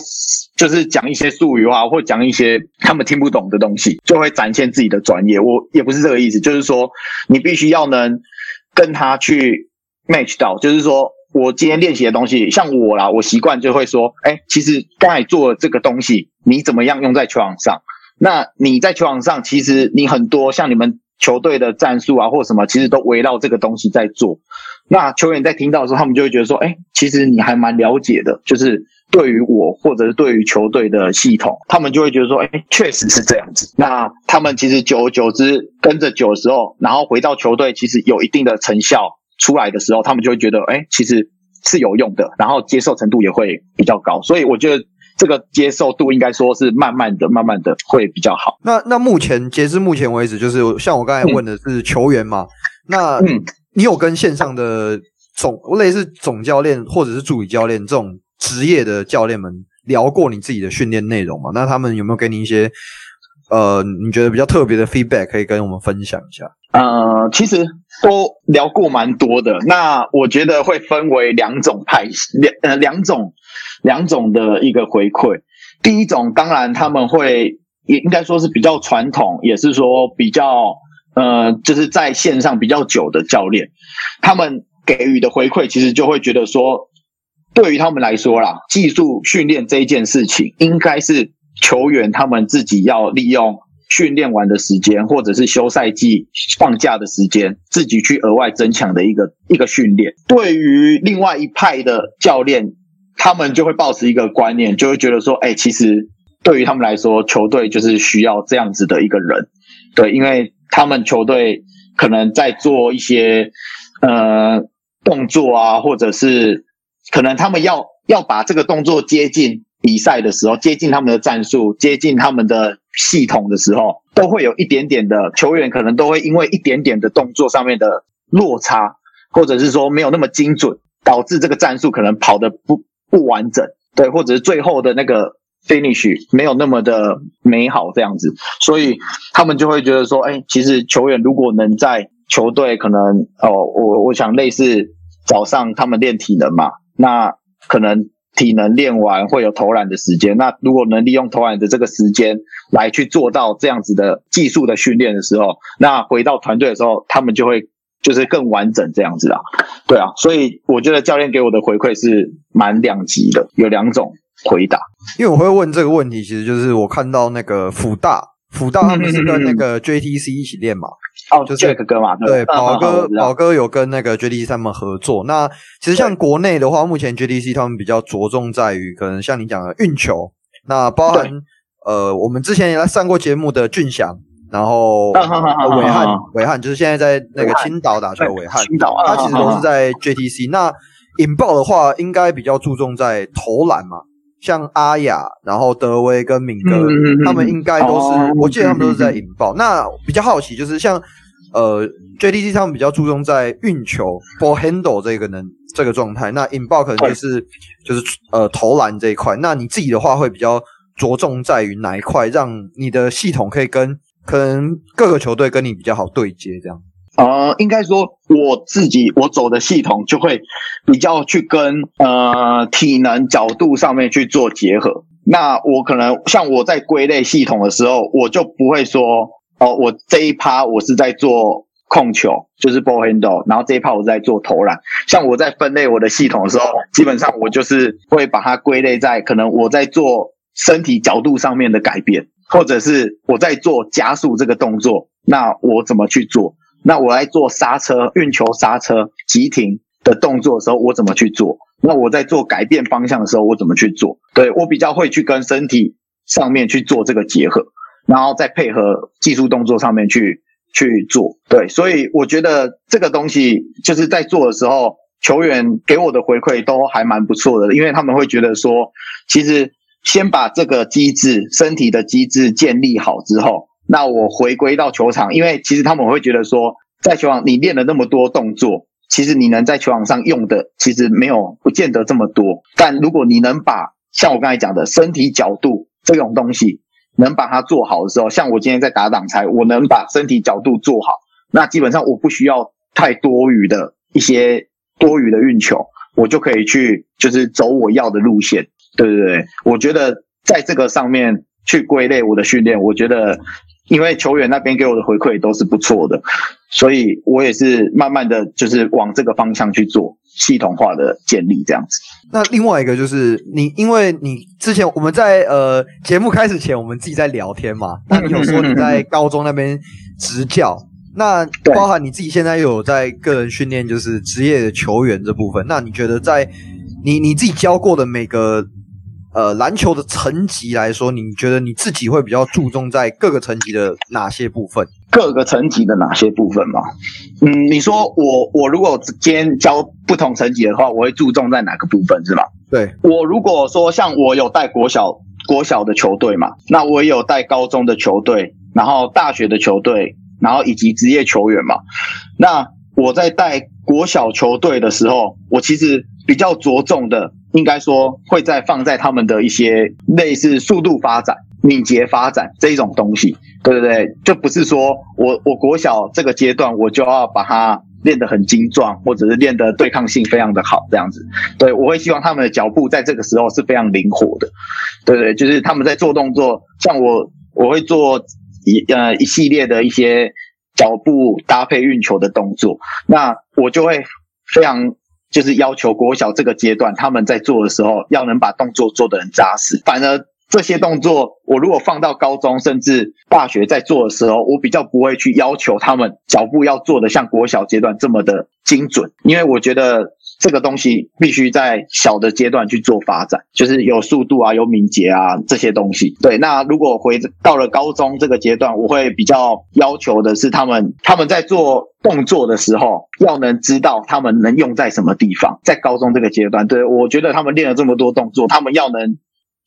就是講一些術語啊，或講一些他們聽不懂的東西，就會展現自己的專業。我也不是這個意思，就是說你必須要能跟他去 match 到，就是說我今天練習的東西，像我啦，我習慣就會說，哎，其實剛才做了這個東西，你怎麼樣用在球場上？那你在球場上，其實你很多像你們球隊的戰術啊，或者什麼，其實都圍繞這個東西在做。那球員在聽到的時候，他們就會覺得說：“哎，其實你還蠻了解的。”就是對於我，或者是對於球隊的系統，他們就會覺得說：“哎，確實是這樣子。”那他們其實久而久之跟着久的時候，然後回到球隊，其實有一定的成效出來的時候，他們就會覺得：“哎，其實是有用的。”然後接受程度也會比較高。所以我覺得。這個接受度應該說是慢慢的、慢慢的會比較好。那那目前截至目前為止，就是我像我剛才問的是球員嘛？嗯、那你有跟線上的總類似總教練或者是助理教練這種職業的教練們聊過你自己的訓練內容嗎？那他們有沒有給你一些呃你覺得比較特別的 feedback 可以跟我們分享一下？呃，其實都聊過蠻多的。那我覺得會分為兩種派兩呃兩種。兩種的一個回饋，第一種當然他們會也應該說是比較傳統，也是說比較呃，就是在線上比較久的教練，他們給予的回饋其實就會覺得說，對於他們來說啦，技術訓練這一件事情應該是球員他們自己要利用訓練完的時間，或者是休賽季放假的時間，自己去額外增強的一個一個訓練。對於另外一派的教練，他們就會抱持一個觀念，就會覺得說，哎、欸，其實對於他們來說，球隊就是需要這樣子的一個人，對，因為他們球隊可能在做一些呃動作啊，或者是可能他們要要把這個動作接近比賽的時候，接近他們的戰術，接近他們的系統的時候，都會有一點點的球員可能都會因為一點點的動作上面的落差，或者是說沒有那麼精準，導致這個戰術可能跑得不。不完整。對，或者是最後的那個 finish 沒有那麼的美好這樣子，所以他們就會覺得說，欸，其實球員如果能在球隊可能，哦，我我想類似早上他們練體能嘛，那可能體能練完會有投籃的時間，那如果能利用投籃的這個時間來去做到這樣子的技術的訓練的時候，那回到團隊的時候，他們就會。就是更完整這樣子啊，對啊，所以我覺得教練給我的回饋是蠻兩極的，有兩種回答。因為我會問這個問題，其實就是我看到那個輔大，輔大他們是跟那個 JTC 一起練嘛？哦、嗯嗯嗯，就是這個哥嘛。對，寶哥，寶哥有跟那個 JTC 他們合作。那其實像國內的話，目前 JTC 他們比較着重在於可能像你講的運球，那包含呃，我們之前也來上過節目的俊祥。然後韋漢韋漢就是現在在那個青島打球的韋漢，他其實都是在 JTC、啊。那引爆的話，應該比較注重在投籃嘛，像阿雅，然後德威跟敏德、嗯嗯嗯，他們應該都是、哦，我記得他們都是在引爆。嗯嗯，那比較好奇就是像，像呃 JTC 他們比較注重在運球，for handle 這個能這個狀態，那引爆可能就是就是呃投籃這一塊。那你自己的話，會比較着重在於哪一塊，讓你的系統可以跟？可能各個球隊跟你比較好對接，這樣。呃，應該說我自己我走的系統就會比較去跟呃體能角度上面去做結合。那我可能像我在歸類系統的時候，我就不會說哦，呃，我這一趴我是在做控球，就是 ball handle，然後這一趴我是在做投籃。像我在分類我的系統的時候，基本上我就是會把它歸類在可能我在做身體角度上面的改變。或者是我在做加速這個動作，那我怎麼去做？那我來做剎車、運球、剎車、急停的動作的時候，我怎麼去做？那我在做改變方向的時候，我怎麼去做？對，我比較會去跟身體上面去做這個結合，然後再配合技術動作上面去去做。對，所以我覺得這個東西就是在做的時候，球員給我的回饋都還蠻不錯的，因為他們會覺得說，其實。先把這個機制、身體的機制建立好之後，那我回歸到球場，因為其實他們會覺得說，在球場你練了那麼多動作，其實你能在球場上用的其實沒有，不見得這麼多。但如果你能把像我剛才講的身體角度這種東西能把它做好的時候，像我今天在打擋拆，我能把身體角度做好，那基本上我不需要太多餘的一些多餘的運球，我就可以去就是走我要的路線。對對對，我覺得在這個上面去歸類我的訓練，我覺得因為球員那邊給我的回饋都是不錯的，所以我也是慢慢的就是往這個方向去做系統化的建立這樣子。那另外一個就是你，因為你之前我們在呃節目開始前，我們自己在聊天嘛，那你有說你在高中那邊執教， 那包含你自己現在又有在個人訓練，就是職業的球員這部分，那你覺得在你你自己教過的每個。呃，籃球的層級來說，你覺得你自己會比較注重在各個層級的哪些部分？各個層級的哪些部分嗎？嗯，你說我我如果今天教不同層級的話，我會注重在哪個部分是吧？對，我如果說像我有帶國小國小的球隊嘛，那我也有帶高中的球隊，然後大學的球隊，然後以及職業球員嘛，那我在帶國小球隊的時候，我其實比較着重的。應該說會再放在他們的一些類似速度發展、敏捷發展這一種東西，對不對？就不是說我我國小這個階段我就要把它練得很精壯，或者是練得對抗性非常的好這樣子。對，我會希望他們的腳步在這個時候是非常靈活的，對不對？就是他們在做動作，像我我會做一呃一系列的一些腳步搭配運球的動作，那我就會非常。就是要求國小這個階段，他們在做的時候，要能把動作做得很扎實。反而這些動作，我如果放到高中甚至大學在做的時候，我比較不會去要求他們腳步要做得像國小階段這麼的精準，因為我覺得。這個東西必須在小的階段去做發展，就是有速度啊，有敏捷啊這些東西。對，那如果回到了高中這個階段，我會比較要求的是他們他們在做動作的時候，要能知道他們能用在什麼地方。在高中這個階段，對，我覺得他們練了這麼多動作，他們要能。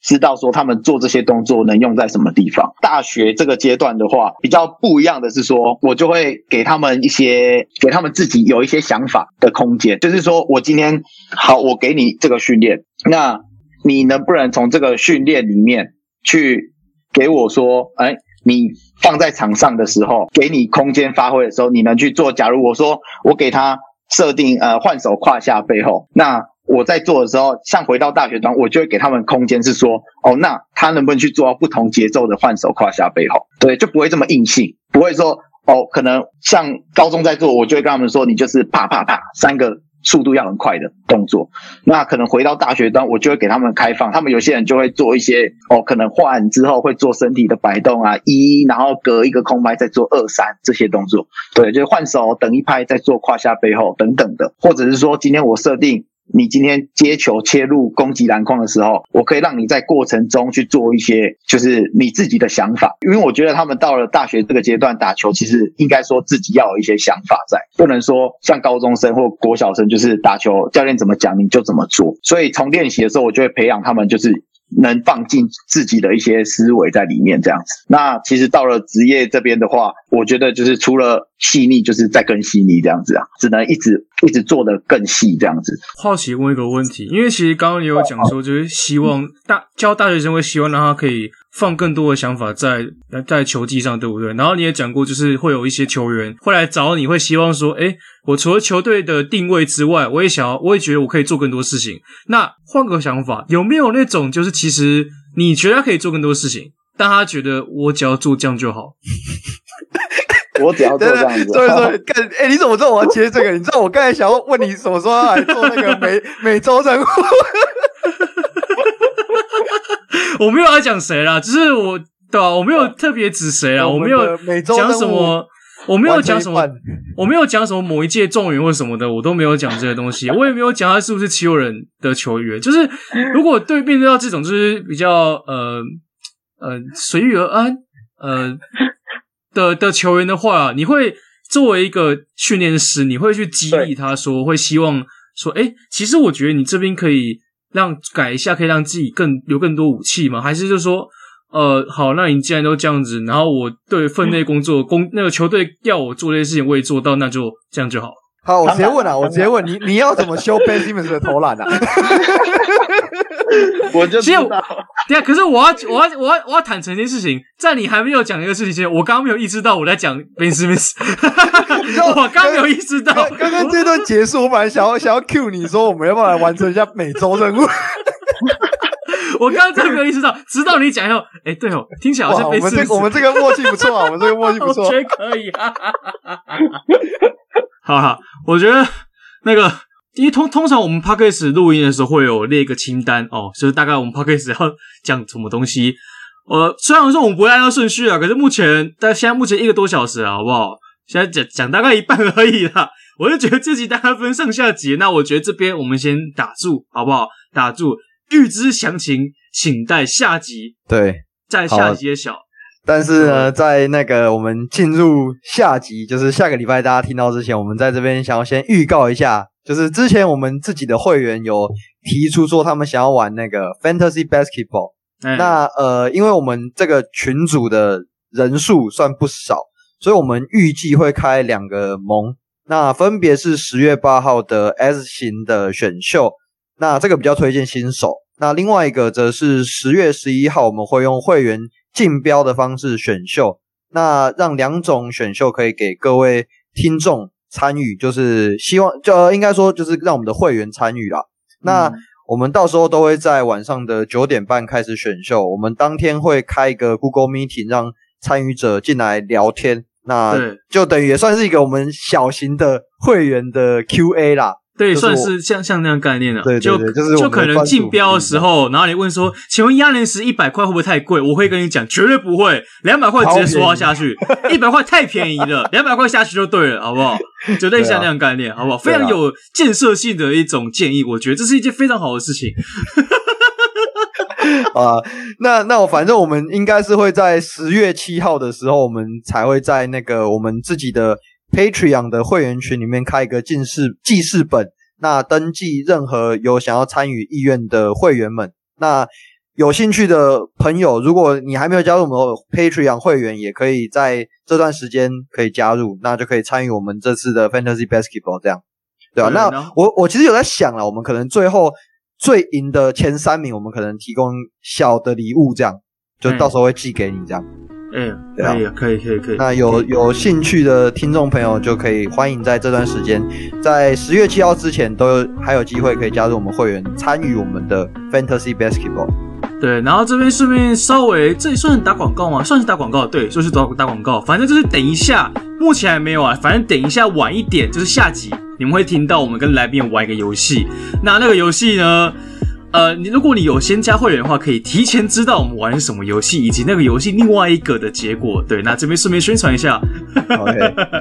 知道說他們做這些動作能用在什麼地方。大學這個階段的話，比較不一樣的是說，我就會給他們一些，給他們自己有一些想法的空間。就是說我今天好，我給你這個訓練，那你能不能從這個訓練裡面去給我說，哎、欸，你放在場上的時候，給你空間發揮的時候，你能去做？假如我說我給他設定，呃，換手胯下背後，那。我在做的時候，像回到大學端，我就會給他們空間，是說，哦，那他能不能去做不同節奏的換手胯下背後？對，就不會這麼硬性，不會說，哦，可能像高中在做，我就會跟他們說，你就是啪啪啪三個速度要很快的動作。那可能回到大學端，我就會給他們開放，他們有些人就會做一些，哦，可能換完之後會做身體的擺動啊一，然後隔一個空拍再做二三這些動作，對，就是換手等一拍再做胯下背後等等的，或者是說今天我設定。你今天接球切入攻擊籃筐的時候，我可以讓你在過程中去做一些，就是你自己的想法。因為我覺得他們到了大學這個階段打球，其實應該說自己要有一些想法在，不能說像高中生或國小生就是打球教練怎麼講你就怎麼做。所以從練習的時候，我就會培養他們，就是。能放進自己的一些思維在裡面，這樣子。那其實到了職業這邊的話，我覺得就是除了細膩，就是再更細膩這樣子啊，只能一直一直做得更細這樣子。好奇問一個問題，因為其實剛剛也有講說，就是希望、哦、大教大學生會希望讓他可以，放更多的想法在在，在球技上，對不對？然後你也講過，就是會有一些球員會來找你，會希望說，哎，我除了球隊的定位之外，我也想要，我也覺得我可以做更多事情。那換個想法，有沒有那種就是其實你覺得他可以做更多事情，但他覺得我只要做這樣就好，我只要做這樣就好。所 以說，哎、欸，你怎麼知道我要接這個？你知道我剛才想要問你什麼時候要來做那個美美洲戰？物？ 我沒有要講誰啦，只、就是我對吧、啊？我沒有特別指誰啊，我，我沒有講什麼，我沒有講什麼， 我沒有講什麼某一屆狀元或者什麼的，我都沒有講這些東西，我也沒有講他是不是七六人的球員。就是如果對面對到這種就是比較呃呃隨遇而安呃的的球員的話、啊，你會作為一個訓練師，你會去激勵他說，會希望說，哎、欸，其實我覺得你這邊可以。讓改一下，可以讓自己更有更多武器嘛？還是就說，呃，好，那你既然都這樣子，然後我對分內工作，工，那個球隊要我做這些事情，我也做到，那就這樣就好。好，我直接問啊，我直接問你，你要怎麼修 Ben Simmons 的投籃啊？ 我就知道。對啊，可是我要我要我要我要坦誠一件事情，在你還沒有講一個事情之前，我剛剛沒有意識到我在講 Ben Simmons。 我剛沒有意識到，剛 剛這段結束，我本來想要想要 Q 你說我們要不要來完成一下每週任務？哈哈哈，我剛剛真沒有意識到，直到你講以後，哎、欸，對哦，聽起來好像 Ben Simmons。我們， 我們這個默契不錯啊，我們這個默契不錯，啊， 我覺得可以。哈哈哈哈哈哈哈，我覺得那個，因為通通常我們 podcast 錄音的時候會有列一個清單哦，就是大概我們 podcast 要講什麼東西。我、呃、雖然說我們不會按照順序啊，可是目前但現在目前一個多小時啊，好不好？現在講講大概一半而已啦。我就覺得這集大概分上下集，那我覺得這邊我們先打住，好不好？打住，預知詳情請待下集，對，在下集揭曉。但是呢，在那個我們進入下集，就是下個禮拜大家聽到之前，我們在這邊想要先預告一下，就是之前我們自己的會員有提出說他們想要玩那個 Fantasy Basketball，嗯。那呃，因為我們這個群組的人數算不少，所以我們預計會開兩個盟，那分別是十月八號的 S 型的選秀，那這個比較推薦新手；那另外一個則是十月十一號，我們會用會員，競標的方式選秀，那讓兩種選秀可以給各位聽眾參與，就是希望就、呃、應該說就是讓我們的會員參與啦。那、嗯、我們到時候都會在晚上的九點半開始選秀，我們當天會開一個 Google Meeting 讓參與者進來聊天，那就等於也算是一個我們小型的會員的 Q A 啦。對、就是，算是像像那樣概念的、啊，就、就是、就可能競標的時候，嗯、然後你問說：“請問壓零石一百塊會不會太貴？”我會跟你講，絕對不會，兩百塊直接說下去，一百、啊、塊太便宜了，兩 百塊下去就對了，好不好？絕對像那樣概念，啊、好不好？非常有建設性的一種建議，啊、我覺得這是一件非常好的事情。啊， 那那我反正我們應該是會在十月七號的時候，我們才會在那個我們自己的。Patreon 的會員群裡面開一個記事記事本，那登記任何有想要參與意願的會員們。那有興趣的朋友，如果你還沒有加入我們的 Patreon 會員，也可以在這段時間可以加入，那就可以參與我們這次的 Fantasy Basketball 這樣，對吧？那我我其實有在想了，我們可能最後最贏的前三名，我們可能提供小的禮物，這樣就到時候會寄給你這樣。嗯、欸，可以、啊、可以，可以，可以。那有有興趣的聽眾朋友，就可以歡迎在這段時間，在十月七號之前，都有還有機會可以加入我們會員，參與我們的 Fantasy Basketball。對，然後這邊順便稍微，這也算是打廣告嗎？算是打廣告，對，就是打打廣告。反正就是等一下，目前還沒有啊，反正等一下晚一點，就是下集你們會聽到我們跟來賓玩一個遊戲，那那個遊戲呢？呃，你如果你有先加會員的話，可以提前知道我們玩什麼遊戲，以及那個遊戲另外一個的結果。對，那這邊順便宣傳一下。OK，,、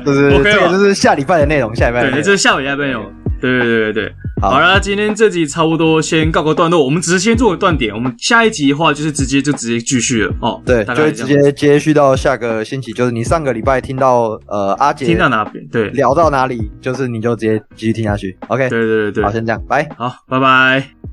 就是、okay 這個、就是下禮拜的內容。下禮拜的容對，這、就是下禮拜的內容。Okay. 對對對對好那今天這集差不多先告個段落。我們只是先做個斷點。我們下一集的話，就是直接就直接繼續了。哦、喔，對，就會直接接續到下個星期。就是你上個禮拜聽到呃阿杰聽到哪裡，對，聊到哪裡，就是你就直接繼續聽下去。OK，對,對對對。好，先這樣，拜,拜。好，拜拜。